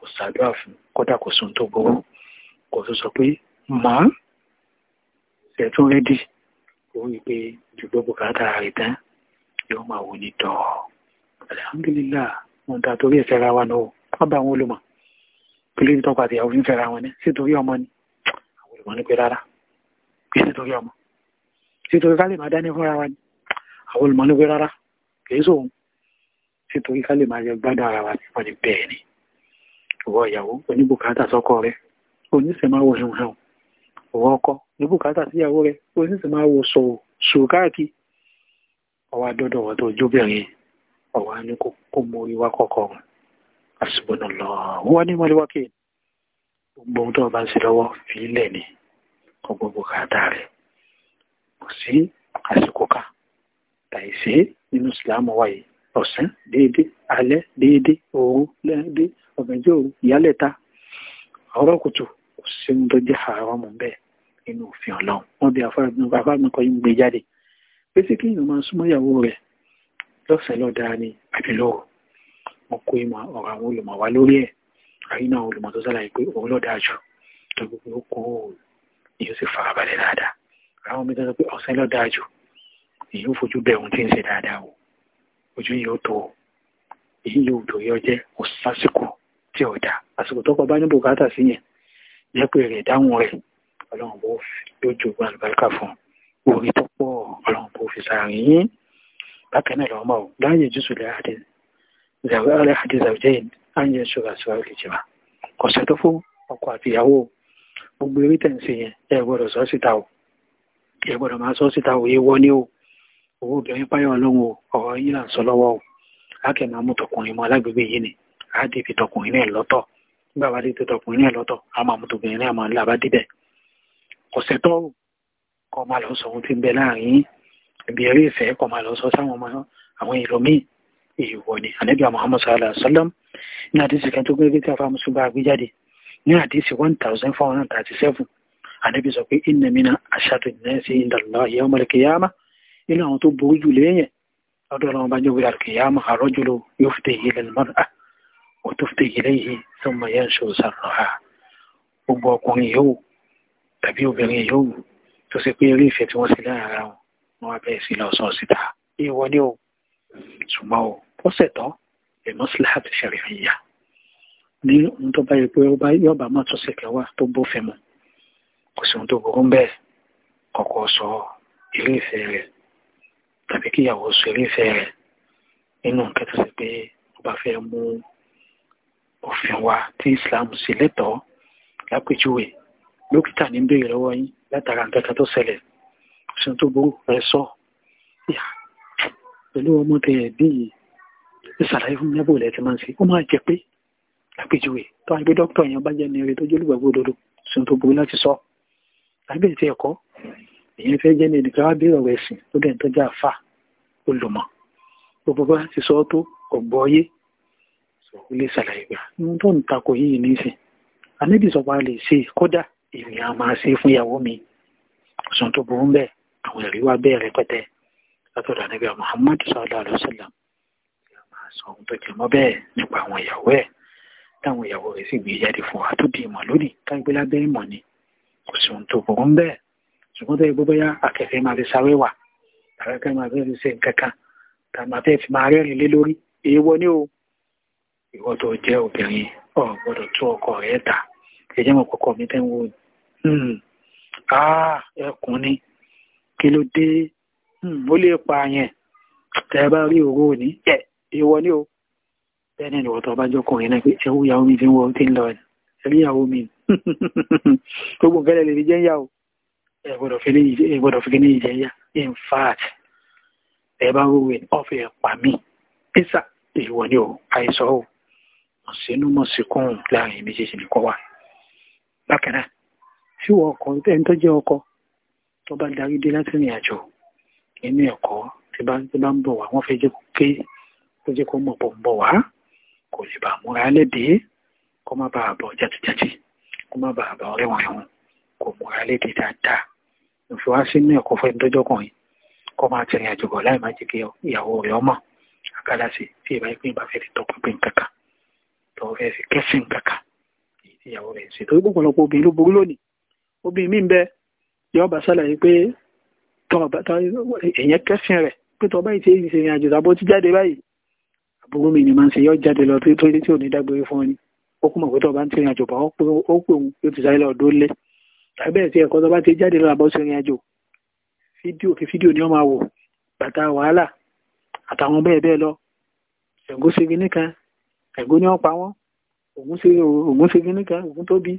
kò ṣàdúrà fún kódà kò sùn tó gbowó kò tó sọ pé mọ́ ṣẹ̀tún rédí òun ni pé ju gbogbo kàtà rẹ̀ tán yóò máa wò ní tọ́ alhamdulilá wọn ta torí ẹ̀fẹ́ ra wa náà wọ́n bá àwọn olùmọ̀ pẹ̀lú ìtọ́kọ àti ìyàwó fífẹ́ ra wọn ní sí ọmọ ni àwọn olùmọ̀ ní pé rárá kì í ọmọ sí torí máa dání fúnra wa ni àwọn olùmọ̀ ní pé rárá kì í sóhun sí torí máa jẹ gbádùn ara wa ní wọ́n ní bẹ́ẹ̀ ni ìwọ ìyàwó oníbùkátà sọ́kọ rẹ oníṣẹ́ máa wo ṣùnṣàn ìwọ ọkọ oníbùkátà síyàwó rẹ oníṣẹ́ máa wo sọ̀rọ̀ sùúrù káàkiri ọwọ́ adọ́dọ̀ wọn tó jóbìnrin ọwọ́ á ní kó mú orí wá kọ̀ọ̀kọ̀ rùn àṣìbọnà lọ wọ́n ní mọ́lẹ́wákè gbogbo ohun tó o bá ń ṣe lọ́wọ́ fi ilẹ̀ ni ọgbọ́n bùkátà rẹ̀ kò sí àsìkò ká tàìsí nínú ìsìlámù wáyé ọ̀sán déédé alẹ́ déédé òru déédé ọ̀gànjọ́ òru ìyálẹ̀ta ọ̀rọ̀ kùtù kò sí ohun tó jẹ́ àwọn ọmọ bẹ́ẹ̀ nínú òfin ọlọ́run wọ́n bí afárá kan yín gbé jáde pé sí kí èèyàn máa súnmọ́ ìyàwó rẹ̀ lọ́sàn-án ni àbí lóru wọn kó ìmọ̀ ọ̀rọ̀ àwọn olùmọ̀ wá lórí ẹ̀ àyínà àwọn olùmọ̀ tó sálàyé pé òun lọ́dà jù tó gbogbo ó kó òòlù sì farabalẹ̀ dáadáa àwọn mi tọ́jú pé ọ̀sán lọ́dà jù èèyàn fojú bẹ̀ òun tí ń ṣe dáadáa o ojú yìí tó èyí yóò dòrí ọjẹ́ ó sásìkò tí ò dá àsìkò tọ́kọ bá ní bùkátà sí yẹn jẹ́ pé rẹ̀ dáhùn rẹ̀ ọlọ́run bó yóò jogún àlùbáríkà fún orí tó pọ̀ ọlọ́run bó fi sàárín yín bákan náà lọ́mọ ò láàyè jùsù lẹ́ àdé zàwẹ́rẹ́ àdé zàwẹ́jẹ́yìn áyẹ ṣọ́ra ṣọ́ra lè jìmá ọ̀sẹ̀ tó fún ọkọ àti ìyàwó gbogbo eré tẹ̀sí yẹn ẹ gbọ́dọ̀ sọ síta o ẹ gbọ́dọ̀ máa sọ síta o yé wọ́n o owó obìnrin páyọ̀ ọlọ́run o ọ̀rọ̀ yín là ń sọ lọ́wọ́ o lákẹ́ máa mú tọkùnrin mọ́ alágbègbè yìí ni á dé fi tọkùnrin náà lọ́tọ̀ nígbà bá dé fi tọkùnrin náà lọ́tọ̀ á máa mú tọkùnrin náà máa ń làbá débẹ̀ ọ̀sẹ̀ tọ́rù kọ́ máa lọ sọ ohun tí ń bẹ láàrin ìbéèrè ìfẹ́ kọ́ máa lọ sọ sáwọn ọmọ àwọn èrò míì ìwọ ni ànábì Muhammad sallallahu alaihi wa sallam ní àdìsí kan tó gbé gbé tí a fa mùsùlùmí àgbéjáde ní àdìsí one thousand four hundred thirty seven ànábì sọ pé inna mina ashatu an-nasi inda Allahi yawm al inú àwọn tó burú jù lẹ́yìn ọdún ọlọ́run bá jẹ́ wíwá kìyàmá ar-rajulu yufdi ila al-mar'ah وتفضي إليه ثم ينشر سرها gbogbo ọkùnrin yóò tàbí obìnrin yóò tó ṣe pé eré ìfẹ́ tí wọ́n sí láàárá wọn wá bẹ́ẹ̀ sí lọ sọ síta bí wọlé o ṣùgbọ́n o ó ṣẹ̀tọ́ ìmọ̀síláà ti ṣẹ̀rẹ̀ ìyá ní ohun tó bá yẹ pé ó bá má tún ṣẹ̀kẹ́ wá tó bófin mu kò sí ohun tó burú ń bẹ́ẹ̀ kọ́kọ́ sọ eré ìfẹ́ rẹ̀ tàbí kíyàwó sọ eré ìfẹ́ rẹ̀ nínú nǹkan tó ṣe pé ó fẹ́ mú òfin wa tí Islam sì lẹ́tọ̀ọ́ lápèjúwe dókítà ní béèrè lọ́wọ́ yín látara nǹkan kan tó ṣẹlẹ̀ ṣe tó burú rẹ sọ pẹ̀lú ọmọ tẹ̀ bí ìsàlàyé fún mi bóòlù ẹ̀ ti máa ń ṣe ó máa jẹ pé lápèjúwe tó wáyé pé dókítà yẹn bá jẹ́ ní eré tó jẹ́ olùgbàgbọ́ òdodo ṣe tó burú láti sọ lábẹ́ ti ẹ̀kọ́ èyí fẹ́ jẹ́ ní ẹnìkan wá bí ọ̀rọ̀ ẹ̀sìn tó dẹ̀ ń tọ́jà àfà olùmọ̀ gbogbo bá ti sọ tó ọ̀gbọ́yé ó lè ṣàlàyé gbà ohun tó ń takò yìí nísìn àníbì sọpá lè ṣe kódà èmi a máa ṣe fún ìyàwó mi ọ̀sán tó burú bẹ́ẹ̀ àwọn ẹ̀rí wá bẹ́ẹ̀ rẹpẹtẹ látọ̀dọ̀ àníbì Muhammad sallallahu alaihi wasallam a máa sọ ohun tó jẹ mọ́ bẹ́ẹ̀ nípa àwọn ìyàwó ẹ̀ táwọn ìyàwó rẹ̀ sì gbé e jáde fún wa tó di ìmọ̀ lónìí kágbé lábẹ́ ìmọ̀ ni kò sí ohun tó burú bẹ́ẹ̀ ṣùgbọ́n tó yẹ gbogbo yá akẹ́fẹ́ máa fi sáré wà ìwọ tó jẹ́ obìnrin o gbọ́dọ̀ tú ọkọ rẹ̀ ta ẹ̀jẹ̀ mọ̀ kọ́kọ́ mi tẹ́ ń wò hmm. ah, ẹkùn ni kí ló dé hmm, ó lè pa yẹn tẹ́ bá rí òru òní ẹ ìwọ ni o bẹ́ẹ̀ ni tó bá jọkùnrin náà pé ẹ wú ìyàwó mi ti ń wọ ti ń lọ ẹ ìyàwó mi gbogbo nǹkan lè fi jẹ́ ń yà o ẹ gbọ́dọ̀ fi ní ìjẹ́ ń in fact ẹ bá wúwo ọ̀fẹ́ pa mí písà ìwọ ni o àìsàn o mọ̀sínúmọ̀síkún láàrin méjèèjì nìkan wà bákan tí wọ́n ọkọ̀ ẹni tó jẹ́ ọkọ tó bá darí dé láti rìn àjò nínú ẹ̀kọ́ tí bá ń bọ̀ wá wọ́n fẹ́ jẹ́ kó ké jẹ́ kó mọ̀ ń bọ̀ wá kò lè bà múra lédè kó má bàa bọ̀ jàtìjàtì kó má bàa bọ̀ rẹ̀wọ̀n rẹ̀wọ̀n kò múra lédè dáadáa òfin wá sínú ẹ̀kọ́ fún ẹni tó jọkùnrin kó máa tẹ̀rìn àjò bọ̀ láì má jẹ́ kí ìyàwó rẹ̀ ọmọ àkàlà tí ìbá tọ́ fẹ́ fi kẹ́sìn kàkà èyí tí ìyàwó rẹ̀ ń ṣe torí pọ̀pọ̀lọpọ̀ obìnrin ló burú lónìí obìnrin mi ń bẹ yóò bá sálàyé pé èèyàn kẹ́sìn rẹ̀ pé tọ́ báyìí ti ṣe ìrìn àjò ti jáde báyìí àbúrò mi ni máa ń ṣe yọ jáde lọ torí tí ò ní dágbére fún ọ ni ó kún mọ̀ pé tọ́ bá ń ti ìrìn àjò bá ó pé òun yóò ti sáré lọ ọdún lé tàbí ẹ̀ tí ẹ̀kọ́ tó bá ti jáde ẹ̀gbọ́n ni wọ́n pa wọ́n ògún ṣe ògún ṣe kíní kan ògún tóbi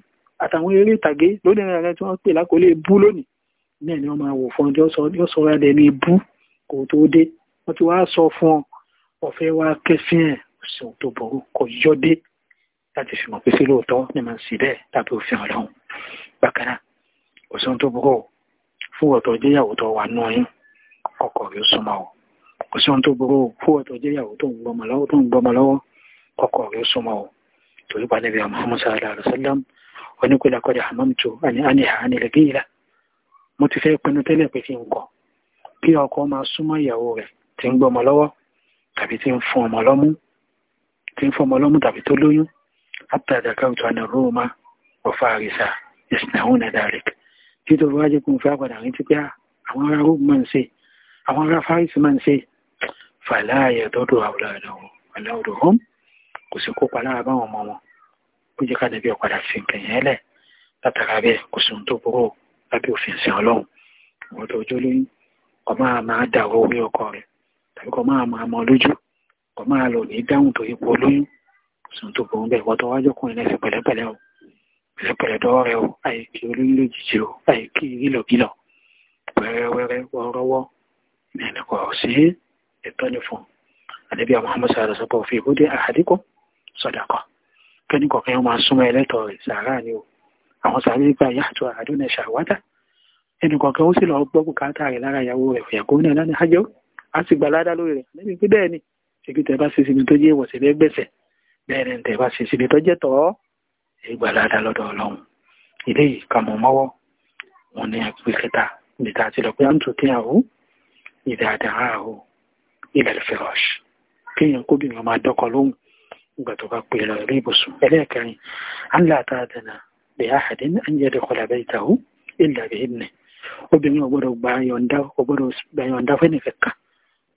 àtàwọn eré ìtàgé lónìí rẹ̀ tí wọ́n pè lákòólé bú lónìí náà ni wọ́n máa wò fún ọ yóò sọ ẹ̀ ní bú kò tó dé wọ́n ti wá sọ fún ọ ọ̀fẹ́ wa kẹsí ẹ̀ òsùn tó burú kò yọ dé láti fi mọ̀ pé sí lóòótọ́ ni màá sì bẹ́ẹ̀ lábẹ́ òfin ọlọ́run bákan náà òsùn tó burú fún ọ̀tọ̀ jẹ́yàwó tó wà nù ọyún ọkọ̀ yóò súnmọ́ ọ òsùn tó burú fún ọ̀tọ̀ jẹ́yàwó tó ń gbọmọ lọ́wọ́ tó ń gbọmọ lọ́wọ́ kọ́kọ́ rẹ̀ súnmọ́ o torí pa níbi Muhammad sallallahu alaihi wasallam oníkùlà kọ́dà hamamtu àní àníhà àní rẹ̀ bíyìlá mo ti fẹ́ pinnu tẹ́lẹ̀ pé kí n kọ́ kí ọkọ máa súnmọ́ ìyàwó rẹ̀ tí ń gbọ́mọ lọ́wọ́ tàbí tí ń fún ọmọ lọ́mú tí ń fún ọmọ lọ́mú tàbí tó lóyún àtàdàkàwùtù àná róòmà ọ̀fà àrísà ìsìnàhún nàdàrẹ́kì títọ́ bá jẹ́ kún fẹ́ àpàdà rí ti pé ah, àwọn ará rome máa ń ṣe àwọn ará faris máa ń ṣe fàlàyé dọ́dọ̀ àwòrán ọ̀dọ̀ home kò sí kópa lára báwọn ọmọ wọn ó jẹ́ ká níbi ọ̀padà fi nǹkan yẹn lẹ̀ látara bẹ́ẹ̀ kò sí ohun tó burú lábẹ́ òfin ìsìn ọlọ́run wọn tó ojú lóyún kọ máa máa dàrú orí ọkọ rẹ̀ tàbí kọ máa máa mọ lójú kọ máa lò ní dáhùn tó yípo lóyún kò sí ohun tó burú bẹ́ẹ̀ wọ́n tó wájú ọkùnrin náà fi pẹ̀lẹ́pẹ̀lẹ́ o pẹ̀lẹ́pẹ̀lẹ́ dọ́wọ́ rẹ o àìkí olóyún lójijì o àìkí ìrìlọ̀bílọ̀ wẹ́rẹ́wẹ́rẹ́ wọ́ọ́rọ́wọ́ ní ẹnì kọ̀ọ̀ sí ẹ̀tọ́ ní fún àdébíà Muhammad sallallahu alaihi wasallam fi ìbúdé àhàdíkọ́ sọ̀dọ̀kọ̀ kẹ́ni kọ̀ọ̀kan yóò máa súnmọ́ ẹlẹ́tọ̀ rẹ̀ sàárà ni o àwọn sàárà nígbà yá àti àdúnà ṣàwádà ẹnì kọ̀ọ̀kan ó sì lọ gbọ́ bùkátà rẹ̀ lára ìyàwó rẹ̀ fìyàkó náà lánà ájọ́ á sì gbà ládá lórí rẹ̀ níbi pé bẹ́ẹ̀ ni ṣèbí tẹ bá ṣe síbi tó jẹ́ ìwọ̀sẹ̀ bẹ́ẹ̀ gbẹ̀sẹ̀ bẹ́ẹ̀ ni tẹ bá ṣe síbi tó jẹ́ tọ́ ẹ gbà ládá lọ́dọ̀ ọlọ́run ilé yìí kà mọ́ mọ́wọ́ wọn ní ẹgbẹ́ kẹta níta àti lọ pé à ń tún kíyàn ó ìdá àdá ààrò ilẹ̀ fẹ́rọ̀ṣ kíyàn nígbà tó bá pè lọ ilé ìbùsùn ẹlẹ́ẹ̀kẹrin aláàtàdànà lè àhàdín àǹjẹ̀dẹ̀ kọlà bẹ́ẹ̀ ìtàwó ìlà bẹ́ẹ̀ nì obìnrin ọgbọ́dọ̀ gba yọ̀ǹda fẹ́ni kẹ̀kà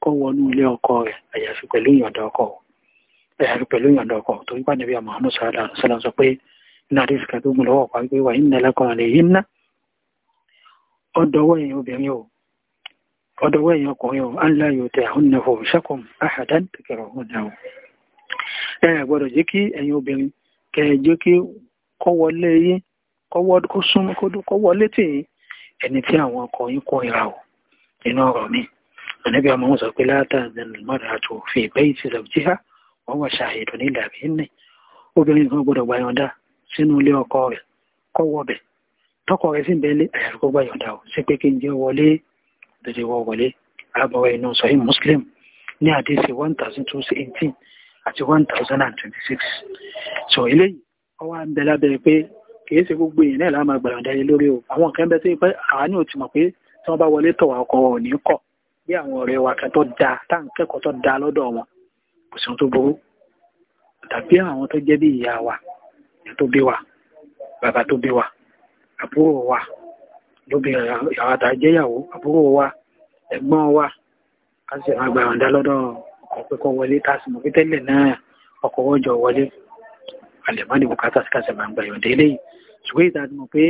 kọ́ wọnú ilé ọkọ rẹ̀ àyàfi pẹ̀lú yọ̀ǹda ọkọ àyàfi pẹ̀lú yọ̀ǹda ọkọ torí pàdé bí àmọ́ àmọ́ sọ̀rọ̀ sọ pé iná àdéhùn kẹtù gùn lọ́wọ́ pàápàá wípé wà ní ẹlẹ́kọ̀ọ́ lè yí ná ọdọwọ́ ẹ̀yin obìnrin o ọdọwọ́ ẹ̀yin ọkùnrin o ánlá yóò tẹ àwọn nàfọ̀ ṣẹ́kùn áhàdán tẹ̀kẹ̀rọ̀ ọ̀hún náà ẹ gbọ́dọ̀ jẹ́ kí ẹ̀yin obìnrin kẹ ẹ jẹ́ kí kọ́ wọlé yín kọ́ súnmọ́ kọ́ wọlé tì yín ẹni tí àwọn ọkọ yín kó ìra o nínú ọ̀rọ̀ mi ànábì àmọ́ wọn sọ pé látà mọ́ra àtò fi ìgbẹ́ yìí ti zàbùjí ha wọ́n wà ṣàhìdùn ní ìlàbí ní one thousand two hundred eighteen àti one thousand and twenty six so eléyìí ọwọ́ à ń bẹ lábẹ́ pé kìí ṣe gbogbo èèyàn náà láàmà gbàyànjá yé lórí o àwọn nǹkan bẹ sí pé àwa ní òtún mọ̀ pé tí wọ́n bá wọlé tọ̀ wá ọkọ̀ wọn ò ní kọ̀ bí àwọn ọ̀rẹ́ wa kan tó da tá à ń kẹ́kọ̀ọ́ tó da lọ́dọ̀ wọn kò sí ohun tó burú tàbí àwọn tó jẹ́ bí ìyá wa ìyá tó bí wa bàbá tó bí wa àbúrò wa lóbìnrin àwọn àtàjẹ́yàwó àbúrò wa ẹ̀gbọ́n wa a sì máa gbàyànjá lọ́dọ̀ wọn ọ̀pẹ́ kọ́ wọlé tásìmọ̀ pé tẹ́lẹ̀ náà ọkọ̀ wọ́jọ wọlé àlẹ̀mọ́nì bùkátà sí kàṣẹ̀ máa ń gbà yọ̀ǹdé eléyìí ṣùgbọ́n ìta mọ̀ pé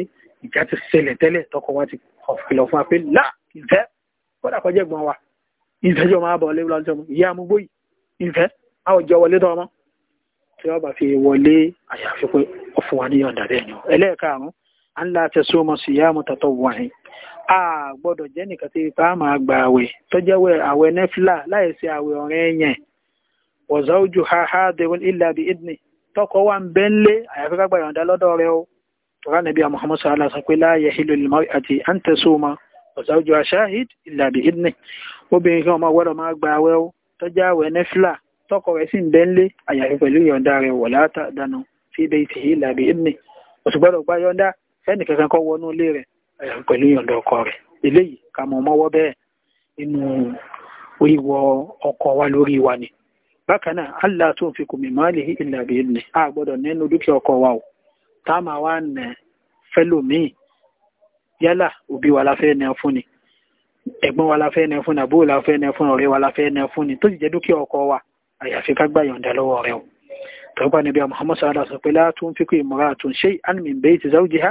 ìjà ti ṣẹlẹ̀ tẹ́lẹ̀ tọkọ wa ti ọ̀fìlọ̀ fún wa pé là ìfẹ́ kódà kọjá ẹ̀gbọ́n wa ìfẹ́ jọ máa bọ̀ lẹ́wọ́n lọ́sọ̀ ìyá amúgbó yìí ìfẹ́ àwọn jọ wọlé tọ́ ọmọ tí wọ́n bá fi wọlé àyàfi pé ọ̀fun wa níyọ̀ǹda bẹ́ẹ̀ ni ẹlẹ́ẹ̀karùn à ń la tẹ̀sùn sí ìyá amú wọ̀nyí a gbọ́dọ̀ jẹ́ nìkan tí ipa máa gba àwẹ̀ tó jẹ́wẹ́ àwẹ̀ nẹ́fìlà láìsí àwẹ̀ ọ̀rẹ́ yẹn wọ̀zọ́ ojú ha ha dẹ̀wọ̀n ilẹ̀ àbí idni tọkọ wa ń bẹ́ ń lé àyàfi ká gba ìyọ̀ǹda lọ́dọ̀ rẹ o tọ́ka nàbí Muhammad sọ́lá sọ pé láàyè hìlò lè máa àti à ń tẹ̀sọ́ ma wọ̀zọ́ ojú ha ṣáhid ilẹ̀ àbí idni obìnrin kan ọmọ gbọ́dọ̀ máa gba àwẹ̀ o tó jẹ́ àwẹ̀ nẹ́fìlà tọkọ rẹ̀ sì ń bẹ́ ń àyàfi pẹ̀lú ìyọ̀ǹda rẹ wọ̀ látà dànù sí ibẹ̀ ìtìhí àbí idni òṣùgbọ́dọ̀ gbá yọ̀ǹda ẹnì kankan kọ́ wọnú ilé rẹ̀ pẹ̀lú ìyọ̀ǹda ọkọ rẹ̀ eléyìí ká mọ̀ mọ́wọ́ bẹ́ẹ̀ nínú wíwọ ọkọ wa lórí wa ni bákan náà allah tó fi kùmí máàlì illa bi idni a gbọ́dọ̀ nínú dúkìá ọkọ wa o tá a máa wá nà fẹ́lòmíì yálà òbí wa la fẹ́ nà fún ni ẹ̀gbọ́n wa la fẹ́ nà fún ni àbúrò la fẹ́ nà fún ni ọ̀rẹ́ wa la fẹ́ nà fún ni tó sì jẹ́ dúkìá ọkọ wa àyàfi ká gbà yọ̀ǹda lọ́wọ́ rẹ̀ o tọ́gbà níbi Muhammad sallallahu alaihi wasallam la tunfiqu imra'atun shay'an min bayti zawjiha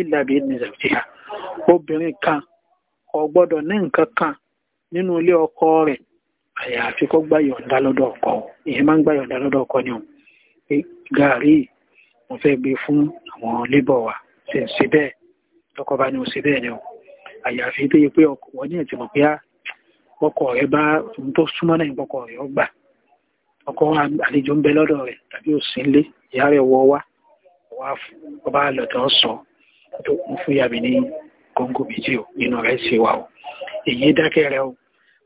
illa bi idni zawjiha obìnrin kan kò ní nǹkan kan nínú ilé ọkọ rẹ̀ àyàfi kó gbà yọ̀ǹda lọ́dọ̀ ọkọ ìyẹn máa ń lọ́dọ̀ ọkọ ni o gàárì mo fẹ́ gbé fún àwọn lébọ̀ wa ṣe ń ṣe bẹ́ẹ̀ tọkọ bá ní o ṣe bẹ́ẹ̀ ni o àyàfi tó yẹ pé wọ́n ní ẹ̀tì mọ̀ pé ah, ọkọ rẹ̀ bá ohun tó súnmọ́ náà ìbọkọ rẹ̀ ọgbà ọkọ àlejò ń bẹ lọ́dọ̀ rẹ̀ tàbí sọ tó ń fúyà mí ní kóńgò méjì o nínú rẹ̀ ṣe wà o èyí dákẹ́ rẹ o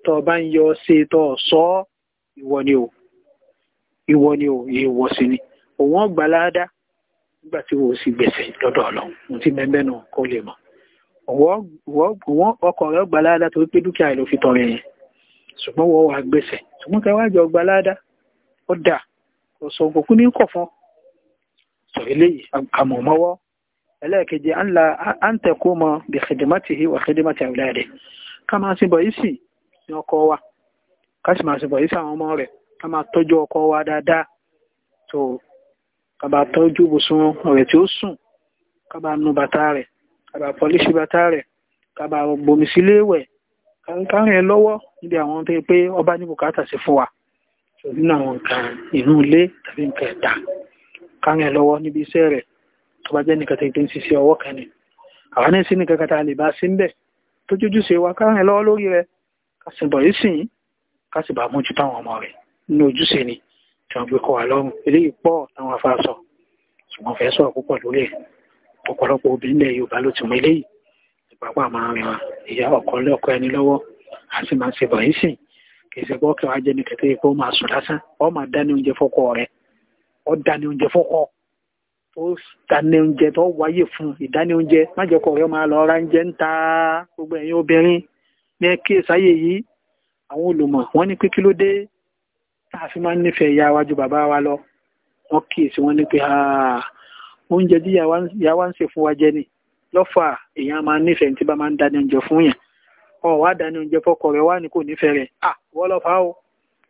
tọ́ bá ń yọ ṣe tọ́ sọ ìwọ ni o ìwọ ni o ìwọ sí ni òun ọgbà láàdá nígbà tí wọ́n sì gbèsè lọ́dọ̀ ọlọ́run tí mẹ́mẹ́ náà kó lè mọ̀ òun ọkọ̀ rẹ̀ ọgbà láàdá torí pé dúkìá rẹ̀ ló fi tọrẹ yẹn ṣùgbọ́n wọ́n wà gbèsè ṣùgbọ́n kẹ́ wájú ọgbà láàdá ó dà ọ̀sọ̀ òkùnkùn ní kọ̀fọ́n sọ eléyìí àmọ̀mọ́wọ́ ẹlẹ́ẹ̀kejì à ń tẹ̀kọ́ mọ bí khidmatihi wà khidmati awladihi ká máa sin bọ̀ yìí ní ọkọ wa ká sì máa sin bọ̀ sí àwọn ọmọ rẹ̀ ká máa tọ́jú ọkọ wa dáadáa tó ká bá tọ́jú ibùsùn rẹ̀ tí ó sùn ká bá nu bàtà rẹ̀ ká bá pọlíṣì bàtà rẹ̀ ká bá gbomi sílé wẹ̀ ká rìn ẹ lọ́wọ́ níbi àwọn tó pé ọba ní bùkátà sí fún wa nínú àwọn nǹkan inú ilé tàbí nǹkan ẹ̀dá ká ẹ lọ́wọ́ níbi iṣẹ́ rẹ̀ tó bá jẹ́ nìkan tó ń ṣiṣẹ́ ọwọ́ kan ni àwọn náà sí nìkan kata lè bá sí ń bẹ̀ tó jójú ṣe wa ká rìn lọ́wọ́ lórí rẹ̀ ká sì bọ̀ yìí sìn ká sì bá mójú táwọn ọmọ rẹ̀ nínú ojúṣe ni tí wọ́n gbé kọ́ wa lọ́rùn eléyìí pọ̀ táwọn afá sọ ṣùgbọ́n fẹ́ sọ̀rọ̀ púpọ̀ lórí ẹ̀ ọ̀pọ̀lọpọ̀ obìnrin ilẹ̀ Yorùbá ló ti mọ eléyìí ìpapá máa rìn wa ìyá ọkọ lọ́kọ ẹni lọ́wọ́ a sì máa ṣe bọ̀ yìí sìn kìsẹ̀ bọ́ kẹwàá jẹ́ ní kẹtẹ́ pé ó máa sùn lásán ó máa dání oúnjẹ fọ́kọ rẹ̀ ó dání oúnjẹ fọ́kọ ó dání oúnjẹ tó wáyé fún ìdání oúnjẹ májọkọ rẹ máa lọ ra oúnjẹ ń ta gbogbo ẹ̀yin obìnrin ní kí sáyé yìí àwọn olùmọ̀ wọ́n ní pé kí ló dé tá a fi máa ń nífẹ̀ẹ́ ìyá wa ju bàbá wa lọ wọ́n kíyèsí wọ́n ní pé oúnjẹ tí ìyá wa ń ṣe fún wa jẹ ni lọ́fà èèyàn máa nífẹ̀ẹ́ tí bá máa ń dání oúnjẹ fún yàn ọ̀ wá dání oúnjẹ fọkọ rẹ wá ní kò nífẹ̀ẹ́ rẹ̀ à wọ́n lọ́fà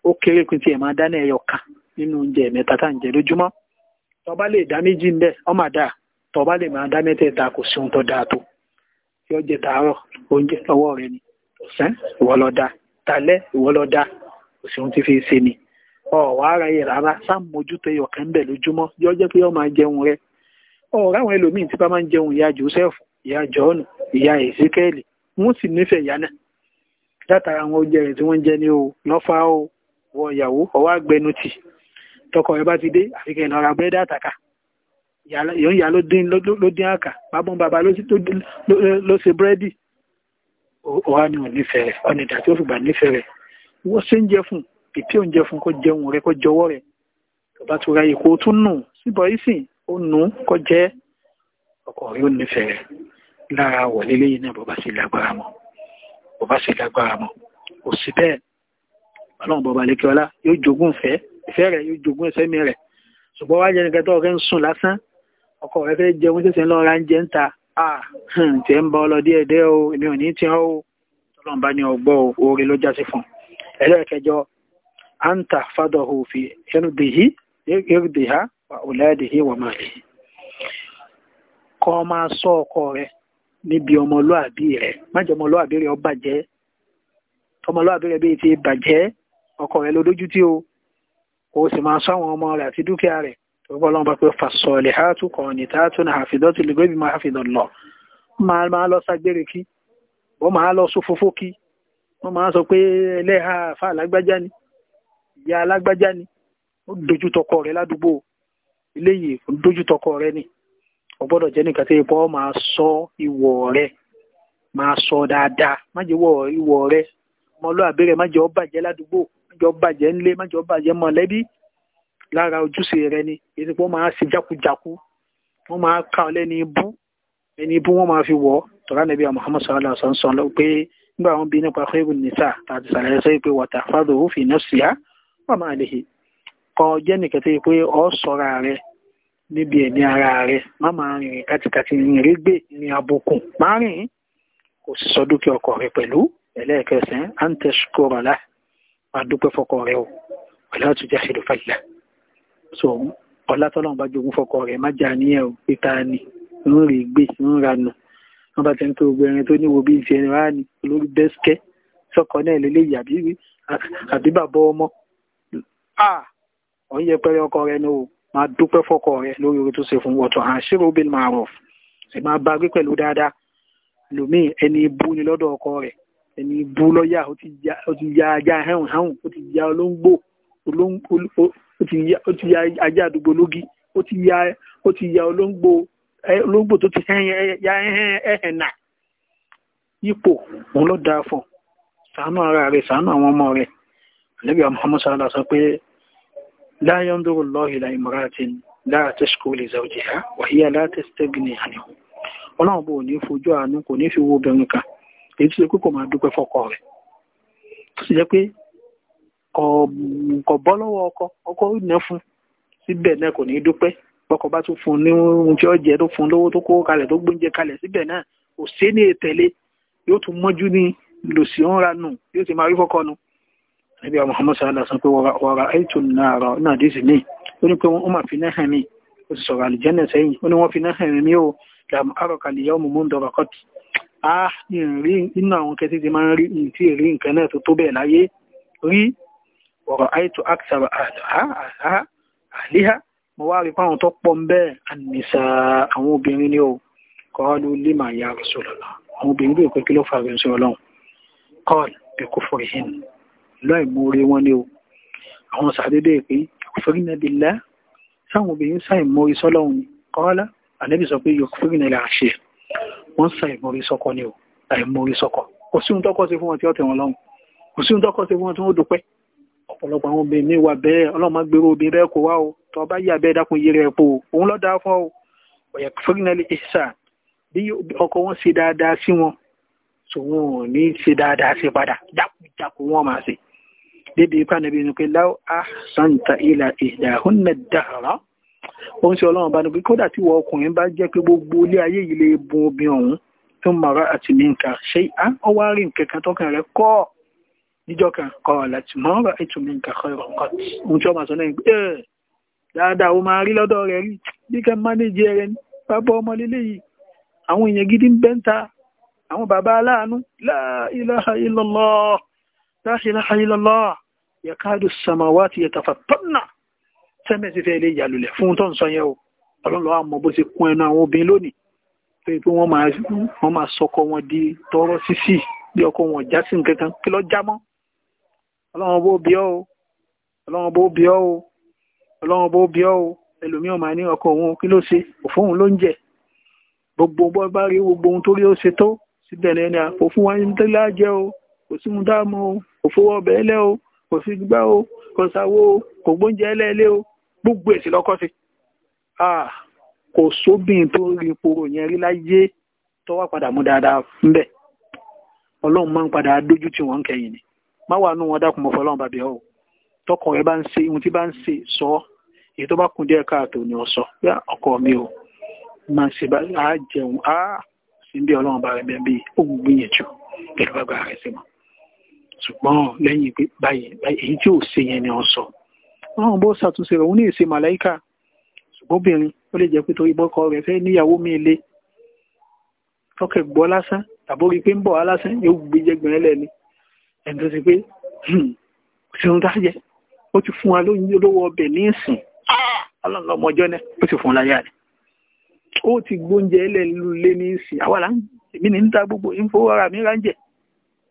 ó kéré pin tí ẹ̀ máa dání ẹyọ kan nínú oúnjẹ mẹ́ta tá à ń jẹ lójúmọ́ tọba lè dá méjì ń bẹ ọmọ àdá tọba lè máa dá mẹ́tẹ̀ẹ̀ta kò sí ohun tó dáa tó yọ jẹ tàárọ̀ oúnjẹ ọwọ́ rẹ ni ọ̀sán ìwọ lọ dá talẹ́ ìwọ lọ dá kò sí ohun tí fi ṣe ni ọwọ ara yẹ rárá sáàmójútó ẹyọ kan bẹ lójúmọ́ yọ jẹ pé ọmọ jẹun rẹ ọ̀rọ̀ àwọn ẹlòmíín tí bá máa ń jẹun ìyá Joseph ìyá John ìyá Ezekiel wọn sì nífẹ̀ẹ́ ìyá náà látara àwọn oúnjẹ rẹ tí wọn jẹ ní o lọfà o wọ ìyàwó ọwọ àgbẹnutì tọkọ rẹ bá ti dé àfikẹ́ lọ ra búrẹ́dì àtàkà yóò yá ló dín àkà bábọ́n bàbá ló ṣe búrẹ́dì ọ̀há ni ò nífẹ̀ẹ́ rẹ̀ ọ̀nà ìdá tí ó fìgbà nífẹ̀ẹ́ rẹ̀ wọ́n ṣe ń jẹ fún pìpì òun jẹ fún kó jẹun rẹ kó jọwọ́ rẹ bàbá tó ra ìkó tún nù síbọ̀ ìsìn ó nù kó jẹ́ ọkọ rẹ ó nífẹ̀ẹ́ rẹ̀ lára wọ̀ lélẹ́yìn náà bọ́bá sì lágbára mọ́ bọ́bá sì lágbára mọ́ òsì bẹ́ẹ̀ ọlọ́run bọ́bá lékè yóò jogún fẹ́ẹ́ ìfẹ́ rẹ̀ yóò jogún ẹsẹ̀ mi rẹ̀ ṣùgbọ́n wá jẹ́ nìkan ọ̀rẹ́ ń sùn lásán ọkọ rẹ̀ fẹ́ jẹun ṣẹ̀ṣẹ̀ ń lọ ra ń jẹ ń ta tẹ̀ ń bá ọ lọ o èmi ò ní o tọ́lọ́n bá ní ọgbọ́ o ló jásí fún ẹlẹ́ẹ̀kẹjọ anta fadọ̀ òfi ẹrùdèhí ẹrùdèhá ọ̀làdèhí wà máa lè kọ́ máa sọ ọkọ rẹ níbi ọmọlúàbí rẹ ọmọlúàbí rẹ ọmọlúàbí rẹ bí ti ọkọ rẹ o kó o sì máa ṣọ́ àwọn ọmọ rẹ̀ àti dúkìá rẹ tó gbọ́ lọ́wọ́ bá pé fassalihatu qanitatun hafidhatul ghaibi bima hafidhallah máa máa lọ ságbére kí ó máa lọ sófófó kí wọ́n máa sọ pé ẹlẹ́ha àfa alágbájá ni ìyá alágbájá ni ó dojú tọkọ rẹ̀ ládùúgbò eléyìí ó dojú tọkọ ni ó gbọ́dọ̀ jẹ́ nìkan sọ ìwọ̀ rẹ máa sọ dáadáa má jẹ́ ìwọ̀ rẹ ọmọlúwàbí má jẹ́ bàjẹ́ ládùúgbò jọ bàjẹ́ ńlé má jọ bàjẹ́ mọ̀lẹ́bí lára ojúṣe rẹ ni èyí pé wọ́n máa ṣe jákujàku wọ́n máa ka ọ lẹ́ni ibú ẹni ibú wọ́n máa fi wọ̀ tọ́lá nàbí Muhammad sallallahu alaihi wasallam pé nígbà wọn bí nípa khairun nisa tàbí sàlẹ̀ sọ pé wọ́tà fáàdù òfin náà sì á wọ́n máa lè kọ jẹ́ nìkan tó pé ọ sọ̀ra rẹ níbi ẹ̀mí ara rẹ má máa rìn kàtìkàtì rìn gbé rìn àbùkù má rìn kò sì sọ dúkìá ọkọ rẹ pẹ̀lú ẹlẹ́ẹ̀kẹsàn-án antẹ́sùkọ̀rọ̀lá adúpẹ́ fọkọ rẹ o ọ̀là tó jẹ́ ṣèlú fàyà so ọ̀là tọ́lọ́run bá jogún fọkọ rẹ má jà ní ẹ̀ o ni ń rí gbé ń ranù wọn bá ti ń tó gbogbo ẹni tó níwo bí ìṣẹ́ rà ní olórí bẹ́sikẹ́ sọkọ náà lélẹ́yìí àbí àbí bàbá ọmọ a ò ń yẹpẹrẹ ọkọ rẹ ni o máa dúpẹ́ fọkọ rẹ lórí orí tó ṣe fún wọ́tọ̀ àṣírò bil ma'ruf sì máa bá gbé pẹ̀lú dáadáa lòmíì ẹni ibú ni lọ́dọ̀ ọkọ rẹ̀ ẹni bú lọ́yà ó ti ya ajá hẹ́hùn hẹ́hùn ó ti ya olóńgbò ó ti ya ajá àdúgbò lógi ó ti ya olóńgbò olóńgbò tó ti ya ẹ̀hẹ̀n nà ipò òun ló dáa fún ṣàánú ara rẹ̀ ṣàánú àwọn ọmọ rẹ̀ àlẹ́bíà Muhammad sallallahu alaihi wasallam sọ pé la yanduru Allahu ila imra'atin la tashku li zawjiha wa hiya la tastagni anhu ọlọ́run bò ní fojú àánú kò ní fi wo obìnrin kan èyí tó yẹ pé kò máa dúpẹ́ fọ́kọ rẹ̀ tó sì jẹ́ pé kò bọ́ lọ́wọ́ ọkọ ọkọ ò ná fún síbẹ̀ náà kò ní dúpẹ́ bọ́kọ bá tún fún un ní ohun tí ó jẹ tó fún un lówó tó kó kalẹ̀ tó gbóúnjẹ kalẹ̀ síbẹ̀ náà kò sí ní ètẹ̀lé yóò tún mọ́jú ní lòsì ń nù yóò ti máa rí fọ́kọ nu ẹbí àwọn Muhammad sallallahu alaihi wasallam pé wọ́ra ẹ̀tù náà rọ̀ náà dé sí ní ó ní pé wọ́n máa fi náà hàn mí ó sì sọ̀rọ̀ àlùjẹ́nà sẹ́yìn ó ní wọ́n fi náà hàn mí ó làm arọ̀kàlì yọ́ mú mú ń dọ̀rọ̀ kọ́tì a ah, rí inú àwọn kẹtí ti máa ń rí ìtì rí nǹkan náà tó tó bẹ́ẹ̀ láyé rí ọ̀rọ̀ àìtò àkìsàrò àlíhá mo wá rí fáwọn tó pọ̀ ń bẹ́ẹ̀ ànìsà àwọn obìnrin ni ó kọ́ọ̀lù lima ya Rasulullah àwọn obìnrin bí òpin ló fàrin sí ọlọ́run kọ́ọ̀lù bí kò fòrì hìn láì mú orí wọn ni ó àwọn sàdédé pé òfurínà billah sáwọn obìnrin sáì mú orí sọ́lọ́run kọ́ọ̀lá ànẹ́bí sọ pé yóò fòrìnà ilẹ̀ wọ́n sàn ìmórí sọ́kọ ni o àìmórí sọ́kọ kò sí ohun tọ́kọ sí fún wọn tí ó tẹ̀ wọn lọ́rùn kò sí ohun tọ́kọ sí fún wọn tí wọ́n dúpẹ́ ọ̀pọ̀lọpọ̀ àwọn obìnrin mi wà bẹ́ẹ̀ ọlọ́mọ gbèrò obìnrin bẹ́ẹ̀ kó wá o tọ́ bá yà bẹ́ẹ̀ dákun yẹrẹ ẹ̀ po òun lọ́ dáa fún ọ ọ̀yẹ̀ fúnnẹ́lì ìsà bí ọkọ wọn ṣe dáadáa sí wọn tòun ò ní ṣe dáadáa ṣe padà dákúndákún wọn máa ṣe débi ipá níbi ni pé àṣàǹtà ìlà ìdáhùn náà dáhàrá ó ń ṣe ọlọ́run bá ní pé kódà tí wọ́n ọkùnrin bá jẹ́ pé gbogbo ilé ayé yìí lè bun obìnrin ọ̀hún tó ń mara àti ní ṣe à ń wá rí nǹkan kan tọkàn rẹ kọ́ níjọ́ kan kọ́ láti mọ́ ra ètò mi kọ́ ìrọ̀ nǹkan ohun tí wọ́n máa sọ náà ẹ̀ dáadáa ó máa rí lọ́dọ̀ rẹ̀ rí bí kẹ́ mánéjì rẹ̀ ní bàbá ọmọ lélẹ̀ yìí àwọn èèyàn gidi ń bẹ́ńta àwọn bàbá aláàánú la ilaha illallah la ilaha illallah yakadu samawati yatafattanna sẹ́mẹ̀sì fẹ́ lè yà lulẹ̀ fún tó ń sọ yẹn o ọlọ́run lọ́wọ́ àmọ́ bó ṣe kún ẹnu àwọn obìnrin lónìí pé pé wọ́n máa sọkọ wọn di tọrọ sísì bí ọkọ wọn já sí nǹkan kan kí ló já mọ́ ọlọ́run bó bí ọ́ o ọlọ́run bó bí ọ́ o ọlọ́run bó bí ọ́ o ẹlòmíràn máa ní ọkọ òun kí ló ṣe òfóun ló ń jẹ gbogbo bọ́ bá rí gbogbo ohun tó rí ó ṣe tó síbẹ̀ ní ẹni àpò fún wa ní tẹ́lá jẹ́ o kò sí mu dáàmú o kò fowó ọbẹ̀ ẹlẹ́ o kò sí gbá o kò sáwó o kò gbóúnjẹ ẹlẹ́ẹ̀lẹ́ o gbogbo èsì lọ́kọ́ sí ah, kò sóbìn tó rí iporo yẹn rí láyé tó wá padà mú dáadáa ńbẹ̀ ọlọ́run máa ń padà dójú tí wọ́n ń kẹyìn ni má wàá nù wọn dákun mọ́ fọlọ́run bàbí ọ̀ tọkọ rẹ bá ń ṣe ohun tí bá ń ṣe sọ èyí tó bá kún díẹ̀ káàtó ni ọ sọ yá ọkọ mi o máa ṣe bá a jẹun a sì ń bí ọlọ́run bá rẹ bẹ́ẹ̀ bí òun gbìyànjú pẹ̀lú bàbá rẹ sí mọ́ ṣùgbọ́n lẹ́yìn báyìí èyí tí ò ṣe yẹn ni ọ sọ ọlọ́run bó ṣàtúnṣe rẹ̀ òun ní èsè màláìkà ṣùgbọ́n obìnrin ó lè jẹ́ pé torí bọ́kọ rẹ̀ fẹ́ níyàwó mi le tọ́kẹ̀ gbọ́ lásán tàbórí pé ń bọ̀ wá lásán yóò gbé jẹgbẹ̀rẹ́ lẹ̀ ni ẹni tó ti pé ṣeun hmm, tá jẹ ó ti fún wa lówó ọbẹ̀ ní ìsìn ọlọ́run ọmọ ọjọ́ náà ó ti fún un láyà rẹ̀ ó ti gbóúnjẹ ẹlẹ́lulé ní ìsìn àwa là ń èmi ní ń ta gbogbo ìfowóra mi ránjẹ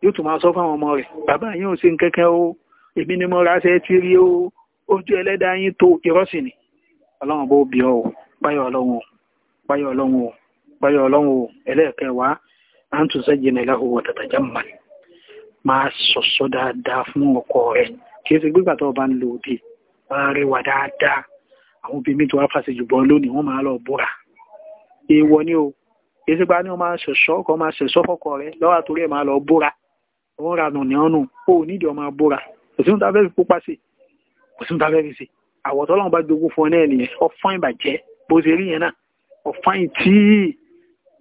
yóò tún máa sọ fáwọn ọmọ rẹ̀ bàbá yín ò ṣe nǹkankan o èmi ni mo ra aṣẹ tí o ojú ẹlẹ́dàá yín tó ìrọ́sì ni ọlọ́run bó bí ọ o báyọ̀ ọlọ́run o báyọ̀ ọlọ́run o báyọ̀ ọlọ́run o ẹlẹ́ẹ̀kẹwàá à ń tún sẹ́yìn náà ìlàhùn wọ̀tàtàjà mọ̀ máa sọ̀sọ́ dáadáa fún ọkọ rẹ̀ kì í ṣe gbígbà tó o bá ń lo òde rẹwà dáadáa àwọn obìnrin mi tó wá fàṣẹ jù bọ́ lónìí wọ́n máa lọ búra èèwọ̀ ni o kì í ṣe pa ni wọ́n máa ṣẹ̀ṣọ́ ọkọ máa ṣẹ̀ṣọ́ fọkọ rẹ̀ lọ́wọ́ àtúrẹ́ máa lọ búra òun ra nù ní ọ̀nù o ò nídìí ọmọ búra òsínú tá a fẹ́ fi pupa sí i kò sí nípa fẹ́ fi ṣe àwọ̀tọ́ ọlọ́run bá jogún fún ọ náà nìyẹn ọ̀fọ́n ìbàjẹ́ bó ṣe rí yẹn náà ọ̀fọ́n ìtì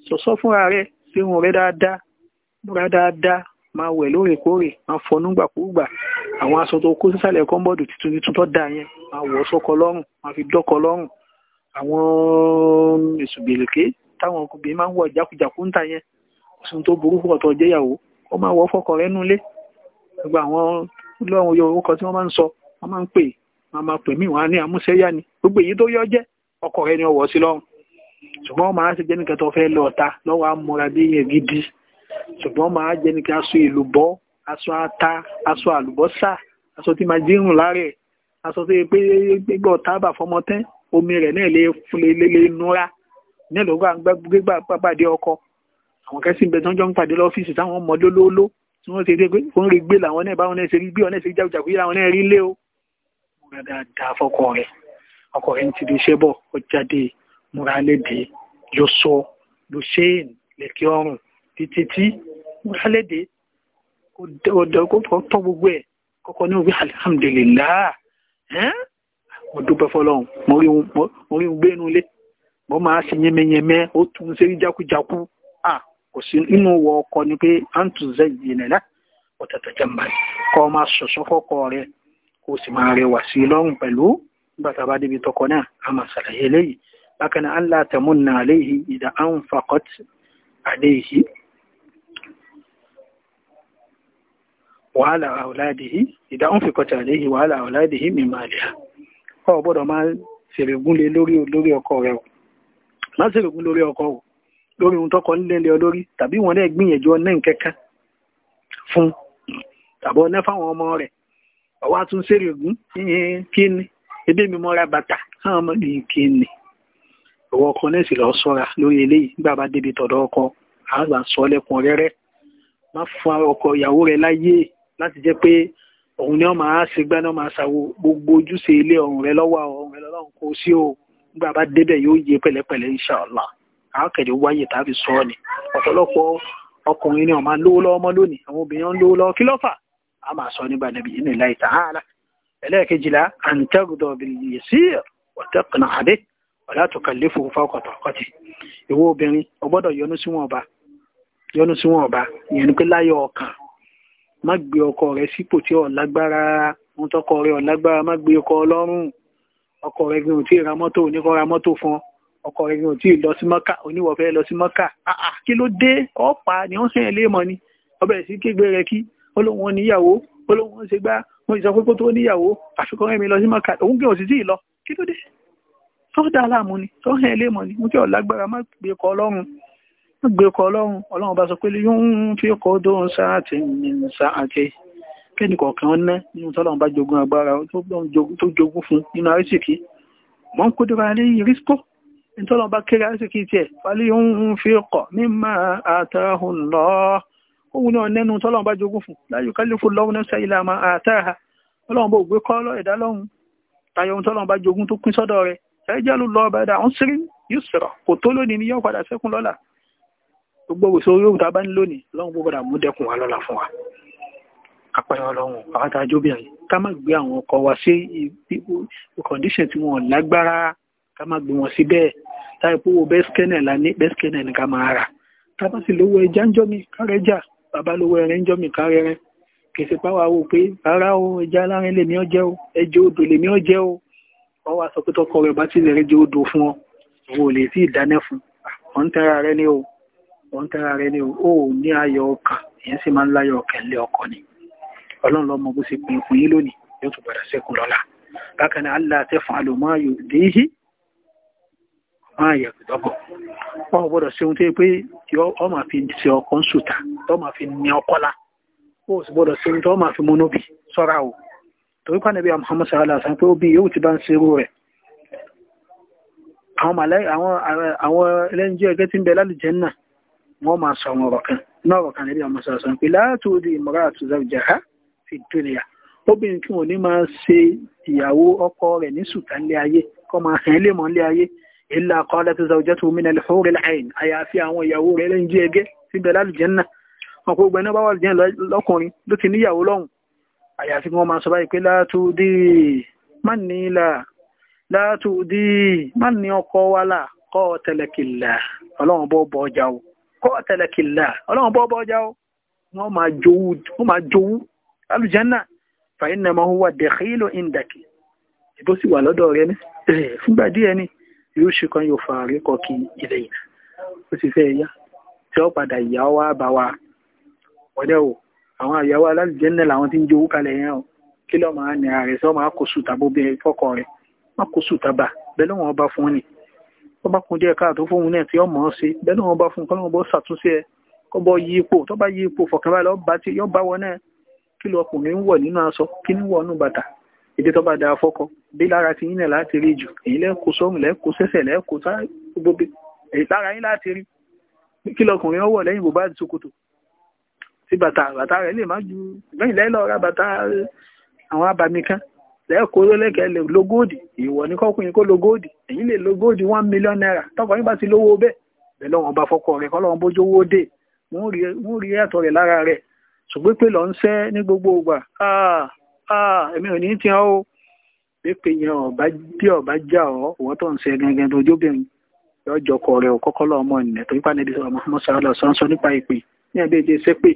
sọ̀sọ́ fúnra rẹ ṣéhun rẹ dáadáa múra dáadáa máa wẹ̀ lóòrèkóòrè máa fọnú gbàkúgbà àwọn aṣọ tó kó sísàlẹ̀ kọ́ńbọ̀dù tuntun tuntun tó dáa yẹn máa wọ̀ sọ́kọ lọ́rùn máa fi dọ́kọ lọ́rùn àwọn èsùgbèlèké táwọn ọkùnrin máa ń wọ jákujàku ń ta yẹn òsùn tó burú fún ọ̀tọ̀ jẹ́yàwó ó máa wọ fọkọ rẹ nulẹ̀ gbogbo àwọn lọ́rùn yorùbá kan tí wọ́n máa ń sọ a máa ń pè máa máa pè mí wọn á ní amúṣẹ́yá ni gbogbo èyí tó yọ jẹ́ ọkọ̀ rẹ ni ọwọ́ sí lọ́rùn ṣùgbọ́n wọn máa ṣe jẹ́ tó fẹ́ lọ ọ̀tá lọ́wọ́ amúra bí yẹn gidi ṣùgbọ́n máa jẹ́ nìkan aṣọ èlùbọ́ aṣọ ata aṣọ àlùbọ́sà aṣọ tí máa jírùn lárẹ̀ aṣọ tó yẹ pé gbígbọ́ tábà fọmọ tán omi rẹ̀ náà lè lè núra náà ló gbà pàdé ọkọ àwọn kẹsì ń bẹ tán jọ ń múra dáadáa fọ́kọ rẹ̀ ọkọ rẹ̀ ń ti di iṣẹ́ bọ̀ ó jáde múra lédè yóò sọ ló ṣe é lẹ́kẹ́ ọrùn títí tí múra lédè ó tọ́ gbogbo ẹ̀ kọ́kọ́ ní orí alhamdulilah mo dúpẹ́ fọlọ́run mo rí un gbé inú ilé mo máa ṣe yẹmẹyẹmẹ ó tún un ṣe rí jákujáku kò sí inú wọ ọkọ ni pé à ń tún zẹ́yìn náà ọ̀tẹ̀tẹ̀ jẹ́ ọ máa ṣọ̀ṣọ́ fọ́kọ rẹ̀ ó sì máa rẹwà sí lọ́rùn pẹ̀lú nígbà tá a bá débi tọkọ náà a máa ṣàlàyé eléyìí bákan náà allah tamunna alayhi idha anfaqat alayhi wàhálà àwòládìí idha anfaqat alayhi wàhálà àwòládìí mimma aliha ọ gbọ́dọ̀ máa ṣèrègùn lé lórí lórí ọkọ rẹ o má ṣèrègùn lórí ọkọ o lórí ohun tọkọ ń lélẹ̀ olórí tàbí wọn náà gbìyànjú ọ̀nà nǹkankan fún tàbí ọ̀nà fáwọn ọmọ rẹ̀ ọwá tún ṣe règún yíyan kíni ebí mi mọ́ra bàtà káwọn ọmọ ní kíni ọwọ́ ọkọ náà sì lọ sọ́ra lórí eléyìí nígbà bá débi tọ̀dọ̀ ọkọ àgbà sọ lẹ́kùn rẹ́rẹ́ má fún ọkọ ìyàwó rẹ láyé láti jẹ́ pé òun ni wọ́n máa ṣe gbá náà máa ṣàwo gbogbo ojúṣe ilé ọ̀run rẹ lọ́wọ́ ọ̀run rẹ lọ́run kò sí o nígbà bá débẹ̀ yóò yé pẹ̀lẹ́pẹ̀lẹ́ inṣàlá àákẹ́dẹ̀ wáyé tàbí sọ ni ọ̀pọ̀lọpọ̀ ọkùnrin ni ó máa lówó lọ́wọ́ mọ́ lónìí àwọn obìnrin ń lówó lọ́wọ́ kí ló a máa sọ nígbà níbi ìní láì tààlà ẹlẹ́ẹ̀kejìlá àǹtẹ́gùdọ̀ bìlìyèsír ọ̀tẹ́kùnà àdé ọ̀lá tó kàlẹ́ fòfófá ọkọ̀tọ̀kọ̀tì ìwọ obìnrin o gbọ́dọ̀ yọnu sí wọn ọba yọnu sí wọn ọba ìyẹn ni pé láyọ̀ ọkàn má gbé ọkọ rẹ sípò tí ò lágbára wọn tọkọ rẹ ò lágbára má gbé ọkọ ọlọ́rùn ọkọ rẹ gbin ò tí ì ra mọ́tò oníkọ́ ra mọ́tò fún ọ ọkọ rẹ ò tí ì lọ sí mọ́kà oníwọ̀ lọ sí mọ́kà kí ló dé ọ̀pá ni wọ́n sẹ́yìn léèmọ́ ni ọbẹ̀ sí kégbé rẹ kí olóhun níyàwó olóhun ṣe gbá wọn ìsọ pé kó tó níyàwó àfikọ́ rẹ̀ mi lọ sí mọ́kà òun gé òsì sí ìlọ kí ló dé tó dá aláàmú ni tó hẹ́ ilé mọ̀ ni mo jẹ́ ọ̀lágbára má gbé kọ ọlọ́run má gbé kọ ọlọ́run ọlọ́run bá sọ pé yóò ń fi kọ́ tó ń sáàtì ń sáàtì kẹ́ni kọ̀ọ̀kan ná nínú tọ́lọ́run bá jogun agbára tó jogun fún nínú àrísìkí mọ́ ń kó dé wáyé rísíkò ní tọ́lọ́run bá kéré àrísìkí tiẹ̀ wálé yóò ń fi kọ̀ mímọ́ àtàhùn lọ́ọ́ òun náà nẹ́nu tọ́lọ́run bá jogún fún la yukallifullahu nafsan illa ma ataha ọlọ́run bó gbé kọ́ ẹ̀dá lọ́run tayọ ohun tọ́lọ́run bá jogún tó pín sọ́dọ̀ rẹ̀ sayaj'alullahu ba'da usrin yusra kò tó lónìí ni yóò padà sẹ́kùn lọ́la gbogbo òṣò yóò tá a bá ní lónìí lọ́run bó padà mú dẹkùn wa lọ́la fún wa apẹ̀rẹ̀ ọlọ́run àwọn àtàjọ obìnrin ká má gbé àwọn ọkọ wa sí kọ̀ǹdíṣẹ̀ tí wọ́n lágbára ká má gbé wọn sí bẹ́ẹ̀ táyà pé wo bẹ́sikẹ́nẹ̀ la ní bẹ́sikẹ́nẹ̀ ni ká máa rà tá a bá sì lówó ẹja ń jọ́ mi kárẹ́jà bàbá lówó ẹrin jọ́ mi kárẹ́rẹ́ kèsì páwà wò pé rárá o ẹja alárin lèmi ọ jẹ́ o ẹjẹ́ odò lèmi ọ jẹ́ o wọ́n wá sọ pé tọkọ rẹ̀ bá tilẹ̀ rẹ̀ jẹ́ odò fún ọ òun ò lè sí ìdáná fún ah, ọ̀ tẹ́ra rẹ ní o ọ̀ tẹ́ra rẹ ní o ò ní ayọ̀ ọkàn èyí sì máa ń láyọ̀ ọkàn ọkọ ni ọlọ́run lọ́mọ bó ṣe pin fún yín lónìí yóò tún padà sẹ́kù lọ́la bákan náà allah tẹ́ fún alòmọ́ ayò déhìí máa yẹ ìdọ́kọ̀ wọn ò gbọ́dọ̀ ṣe ohun tó yẹ pé ọ máa fi ṣe ọkọ̀ ń sùtà tó máa fi ní ọkọ̀ la ó sì gbọ́dọ̀ ṣe ohun tó máa fi múnú bì sọ́ra o torí pàdé bí Muhammad sallallahu alaihi wasallam pé ó bí yóò ti bá ń ṣerú rẹ̀ àwọn ẹlẹ́njẹ́ ẹgbẹ́ tí ń bẹ lálùjẹ́ náà wọ́n máa sọ àwọn ọ̀rọ̀ kan náà ọ̀rọ̀ kan níbi Muhammad sallallahu alaihi wasallam pé láti odi ilà kọ́lá tó zàwùjẹ́ tó mí nàlẹ́ fún rẹ̀ àìn àyàfi àwọn ìyàwó rẹ̀ lẹ́yìn jí ẹgẹ́ síbẹ̀ lálùjẹ́nà ọ̀pọ̀ ògbẹ́ náà bá wà lùjẹ́nà lọ́kùnrin ló ti níyàwó lọ́hùn àyàfi wọn máa sọ báyìí pé látúdí má ní ilà látúdí má ní ọkọ wa là kọ́ tẹlẹkìlà ọlọ́run bọ́ bọ́ ọjà o kọ́ tẹlẹkìlà ọlọ́run bọ́ bọ́ ọjà o wọ́n máa jowú lálùjẹ́nà fàyín nàmọ́ wà dẹ̀kílò ìndàkì ìbó sì wà lọ́dọ̀ rẹ ní fúngbà díẹ̀ ni yóò ṣe kan yóò fa àríkọ kí ilẹ̀ yìí ó sì fẹ́ yá tí ó padà ìyá wa bá wa wọ́dẹ́ o àwọn àyàwó alálùjẹ́nà làwọn tí ń jowú kalẹ̀ yẹn o kí lọ́ máa ní ààrẹ sọ máa kó sùtà bó bẹ fọ́kọ rẹ̀ má kó sùtà bà bẹ́ẹ̀ lọ́wọ́n ọba fún ni tó bá kun díẹ̀ káàtó fóun náà tí ó mọ̀ ọ́ sí bẹ́ẹ̀ lọ́wọ́n ọba fún kọ́lọ́wọ́n bó ṣàtúnṣe ẹ kó yí ipò tó bá yí ipò fọ̀kànbalẹ̀ ọba tí yọ bá wọn náà kí lọ ọkùnrin wọ̀ nínú aṣọ kí ń wọ̀ nù bàtà èdè tó bá da fọ́kọ bí lára ti yínlẹ̀ láti rí jù èyí lẹ́kọ̀ọ́ sọ́run lẹ́kọ̀ọ́ sẹ́sẹ̀ lẹ́kọ̀ọ́ tá gbogbo bí èyí lára yín láti rí kí lọkùnrin ọwọ́ lẹ́yìn bó bá ti ṣòkòtò tí bàtà bàtà rẹ̀ lè má ju lẹ́yìn lẹ́yìn lọ́ọ́ ra bàtà àwọn abàmì kan lẹ́kọ̀ọ́ lẹ́kẹ̀ẹ́ lè lógóòdì ìwọ ní kọ́kùnrin kó lógóòdì èyí lè lógóòdì one million naira tọkọ yín bá ti lówó bẹ́ẹ̀ bẹ́ẹ̀ lọ́wọ́n bá fọkọ rẹ̀ kọ́ lọ́wọ́n bójú owó dé wọ́n rí ẹ̀tọ́ rẹ̀ lára rẹ̀ pépè yẹn ọba bí ọba já ọ òwò tó ń ṣe gẹ́gẹ́ lójóbìnrin yọ jọkọ rẹ òkọkọ lọmọ nìyẹn torí pàdé ìdí sọ̀rọ̀ mọ sọ̀rọ̀ lọ sọnsọ nípa ìpè ní ẹbí ìdí ṣe pé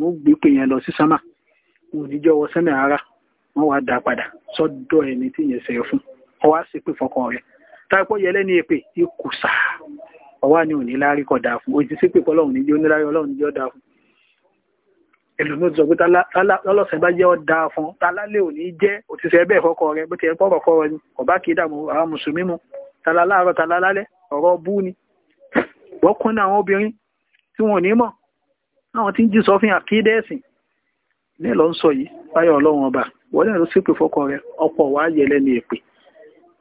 wọn gbé pè yẹn lọ sí sámà wọn ò ní jọ wọ sẹmẹ ara wọn wàá dà padà sọ́dọ̀ ẹni tí yẹn ṣe fún ọwọ àṣẹ pé fọkọ rẹ táìpọ yẹlẹ ní èpè ikùsà ọwọ àni òní lárí kọ dà fún òjì sí pé Ọlọ́run níjó níláyọ Ọlọ́run níjó dà fún ẹlòmíì sọ pé tálọ́sẹ̀ bá jẹ́ ọ̀dà fún tálálẹ̀ ò ní jẹ́ òtísẹ́ bẹ́ẹ̀ fọkọ rẹ bó ti ẹ pọ̀rọ̀ fọ̀rọ̀ ni ọba kì í dààmú àwọn mùsùlùmí mu tálá láàárọ̀ tálá lálẹ́ ọ̀rọ̀ bú ni wọ́n kún àwọn obìnrin tí wọn ò ní mọ̀ àwọn tí ń jí sọ fún àkídẹ́sìn ní lọ ń sọ yìí báyọ̀ ọlọ́run ọba wọlé ló ṣépè fọkọ rẹ ọ̀pọ̀ wàá yẹ lẹ́nu èpè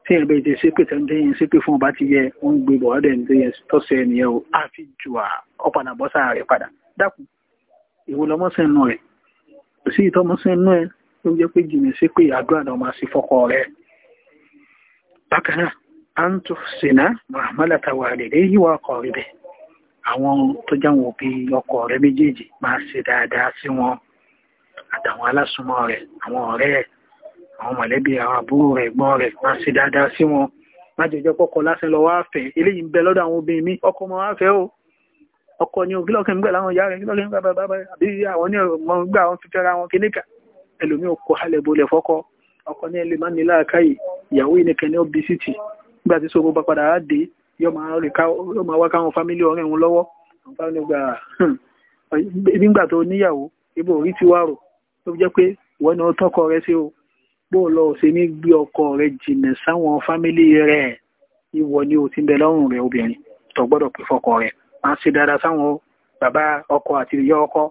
tí ẹ̀rọ ìdè ṣépè tẹ́yìn ṣépè fún ọba ti yẹ ń gbé bọ̀ ọ́dẹ̀ ní tọ́sẹ̀ ẹnìyẹn o àfi jù à ọ̀pàdàbọ́sà rẹ̀ padà dákun ìwò lọmọsẹ rẹ̀ rẹ kò sí ìtọmọsẹ nù ẹ ló jẹ pé jìnnà sí pé àdúrà náà máa ṣe fọkọ ma bákan náà à ń tún sìnà ọkọ àwọn tó jáwọn ọkọ̀ wọn àtàwọn alásùnmọ́ àwọn ọ̀rẹ́ àwọn mọ̀lẹ́bí àwọn àbúrò rẹ̀ ẹ̀gbọ́n rẹ̀ máa ṣe dáadáa sí wọn eléyìí ń bẹ lọ́dọ̀ àwọn mi ọkọ ọmọ wa fẹ́ o ọkọ ni òkè lọ́kàn nígbà láwọn ìyá rẹ̀ kí lọ́kàn nígbà bàbá rẹ̀ àbí àwọn ní ọmọ gbà wọn fi fẹ́ra wọn kíníkà ẹlòmí òkò halẹ̀ bolẹ̀ fọ́kọ ọkọ ní ẹlẹ́mà ní láàkáyè ìyàwó ìnìkan ní ọbí sítì nígbà tí sọ́kọ bá padà á dé yóò máa wá káwọn fámílì ọ̀rẹ́ wọn lọ́wọ́ hmm, nígbà tó níyàwó ibò orí ti wárò tó jẹ́ pé ìwọ ni ó tọ́kọ rẹ sí o bó lọ ò ní gbé ọkọ rẹ jìnnà sáwọn fámílì rẹ ìwọ ni o ti bẹ lọ́rùn rẹ obìnrin tó pé fọ́kọ rẹ̀ máa ṣe dáadáa sáwọn bàbá ọkọ àti ìyá ọkọ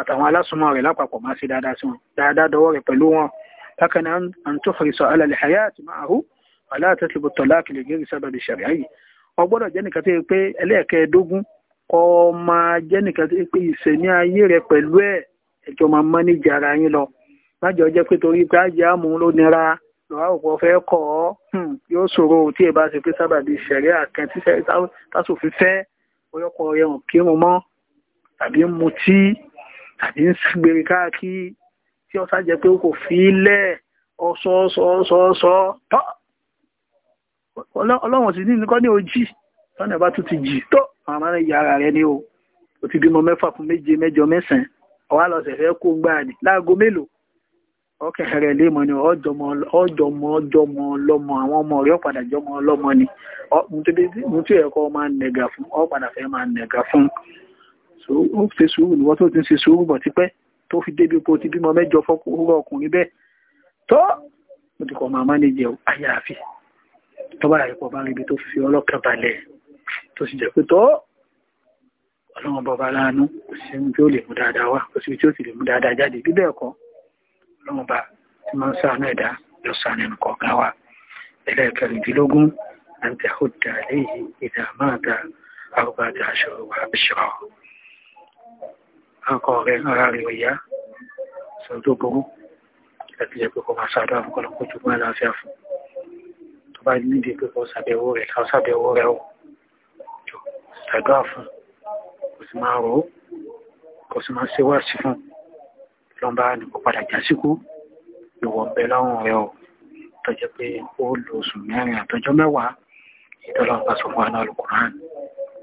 àtàwọn alásùnmọ́ rẹ̀ lápapọ̀ máa ṣe dáadáa sí wọn dáadáa dọwọ́ rẹ̀ pẹ̀lú wọn bákan náà à ń tó fèrèsọ alàlẹ àyà àti máa hù wàhálà àtẹtìbò tọlá kìlẹ gẹrì sábàbí ṣàríà yìí wọn gbọ́dọ̀ jẹ́ nìkan tó yẹ pé ẹlẹ́ẹ̀kẹẹ̀dógún kọ máa jẹ́ nìkan tó yẹ pé ìṣẹ ní ayé rẹ̀ pẹ̀lú ẹ ẹjọ máa mọ níjà ara yín lọ májọ jẹ́ pé torí pé ajé àmú ló nira lọ́wọ́ òpó fẹ́ kọ́ hmm, yóò ṣòro tí ẹ bá ṣe pé sábàbí ṣàríà kan tí sásòfin fẹ́ ọyọ́kọ̀ rẹ̀ hàn kírun mọ́ tàbí ń mutí tàbí ń gbèrè káàkiri tí ọ̀sá jẹ́ pé ó kò fi lẹ̀ ọ̀sọ̀ọ̀sọ̀ọ̀sọ̀ tọ́ ọlọ́run sì ní nìkan ní ojì lọ́nà bá tún ti jì tó àwọn ará ìyá ara rẹ ni o ò ti bímọ mẹ́fà fún méje mẹ́jọ mẹ́sàn-án ọ̀wá lọ́sẹ̀ fẹ́ kó gbáà ní láago mélòó ọkẹ̀kẹ̀rẹ̀ léèmọ̀ ni ọjọ́mọ ọjọ́mọ ọlọ́mọ àwọn ọmọ rẹ̀ ọ̀padà jọmọ ọlọ́mọ ni mo tí ẹ̀kọ́ máa ń nẹ̀gà fún ọ̀padà fẹ́ máa ń nẹ̀gà fún ó ṣe sùúrù níwọ́n tó ti ń ṣe sùúrù bọ̀ tipẹ́ tó fi débi ipò ti bímọ mẹ́jọ fọ́kúrọ̀ ọkùnrin bẹ́ẹ̀ tó mo ti kọ̀ máa má níjẹ àyàfi tó bá àyẹ̀pọ̀ bá ríbi tó fi ọlọ́kàn balẹ̀ tó sì jẹ́ pé tó ọlọ́run bọba láàánú kò sí ibi tí ó lè mú dáadáa wá kò sí ibi tí ó sì lè mú dáadáa jáde bíbẹ̀ ẹ̀kọ́ lọ́wọ́ bá tí máa ń sàánú ẹ̀dá lọ sàánú ẹnìkọ̀ ọ̀gá wa ẹlẹ́ẹ̀kẹrìndínlógún àti àhùdà lẹ́yìn ìdá máa da àrùbá àti aṣọ wa ṣọ́ akọ rẹ ara rẹ ọ̀yá sọ tó burú láti jẹ́ pé kò máa sàádọ́ àbúkọ́lọ́ kó jùmọ́ àlàáfíà fún tó bá nídìí pé kò sàbẹ̀wò rẹ̀ kò sàbẹ̀wò rẹ̀ ò sàdọ́ àfún kò sì máa rò ó kò sì máa ṣe wá sí fún un ló ń bá nìkó padà jásíkú ìwọ̀n bẹ lọ́rùn rẹ o tó jẹ́ pé ó lo oṣù mẹ́rin àtọjọ́ mẹ́wàá ìtọ́lọ́run bá sọ fún aná alukuran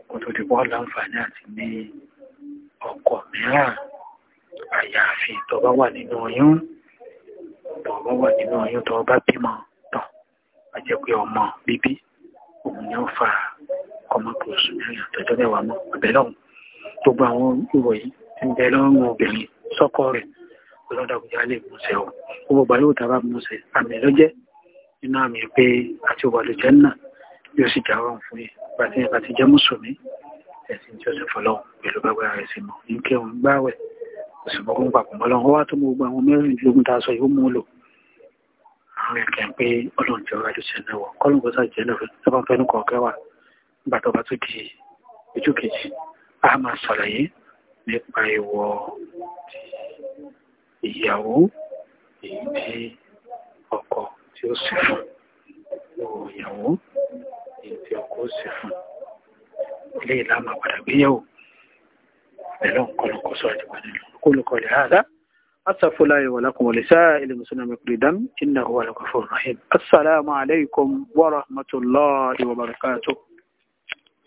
kó tó di bọ́ láǹfààní àti ní ọkọ̀ mìíràn àyàfi tó bá wà nínú oyún tó bá wà nínú oyún tó bímọ tán a jẹ́ pé ọmọ bíbí òun ni ó fa ọmọ kò oṣù mẹ́rin àtọjọ́ mẹ́wàá mọ́ ọ̀bẹ̀ lọ́run gbogbo àwọn ìwọ̀nyí ń bẹ lọ́rùn obìnrin sọ́kọ rẹ̀ ọlọ́dà òjá lè múṣẹ o gbogbo ìgbà yóò tàbá múṣẹ àmì lọ́jẹ́ nínú àmì pé àti òwàlù jẹ́ náà yóò sì jáwọ́ fún yìí bàtí ẹ̀ bàtí jẹ́ mùsùlùmí ẹ̀sìn tí ó sì fọlọ́ pẹ̀lú bá gbára rẹ̀ sí mọ́ ní kí òun gbáwẹ̀ kò sì mọ́kún papọ̀ mọ́ lọ́wọ́ wá tó mú gbogbo àwọn mẹ́rìndínlógún tá a sọ yóò mú lò àwọn ẹ̀kẹ́ pé ọlọ́run ìyàwó èyí tí ọkọ tí ó sì fún owó ìyàwó èyí tí ọkọ ó sì fún ilé ìlànà padà gbéyàwó pẹ̀lú nǹkan lọ́kọ̀ sọ àti wà nínú olùkọ́ ilẹ̀ àdá asafullahi wa lakum wa lisa'il muslimina kulli dam innahu huwal ghafurur rahim assalamu alaikum wa rahmatullahi wa barakatuh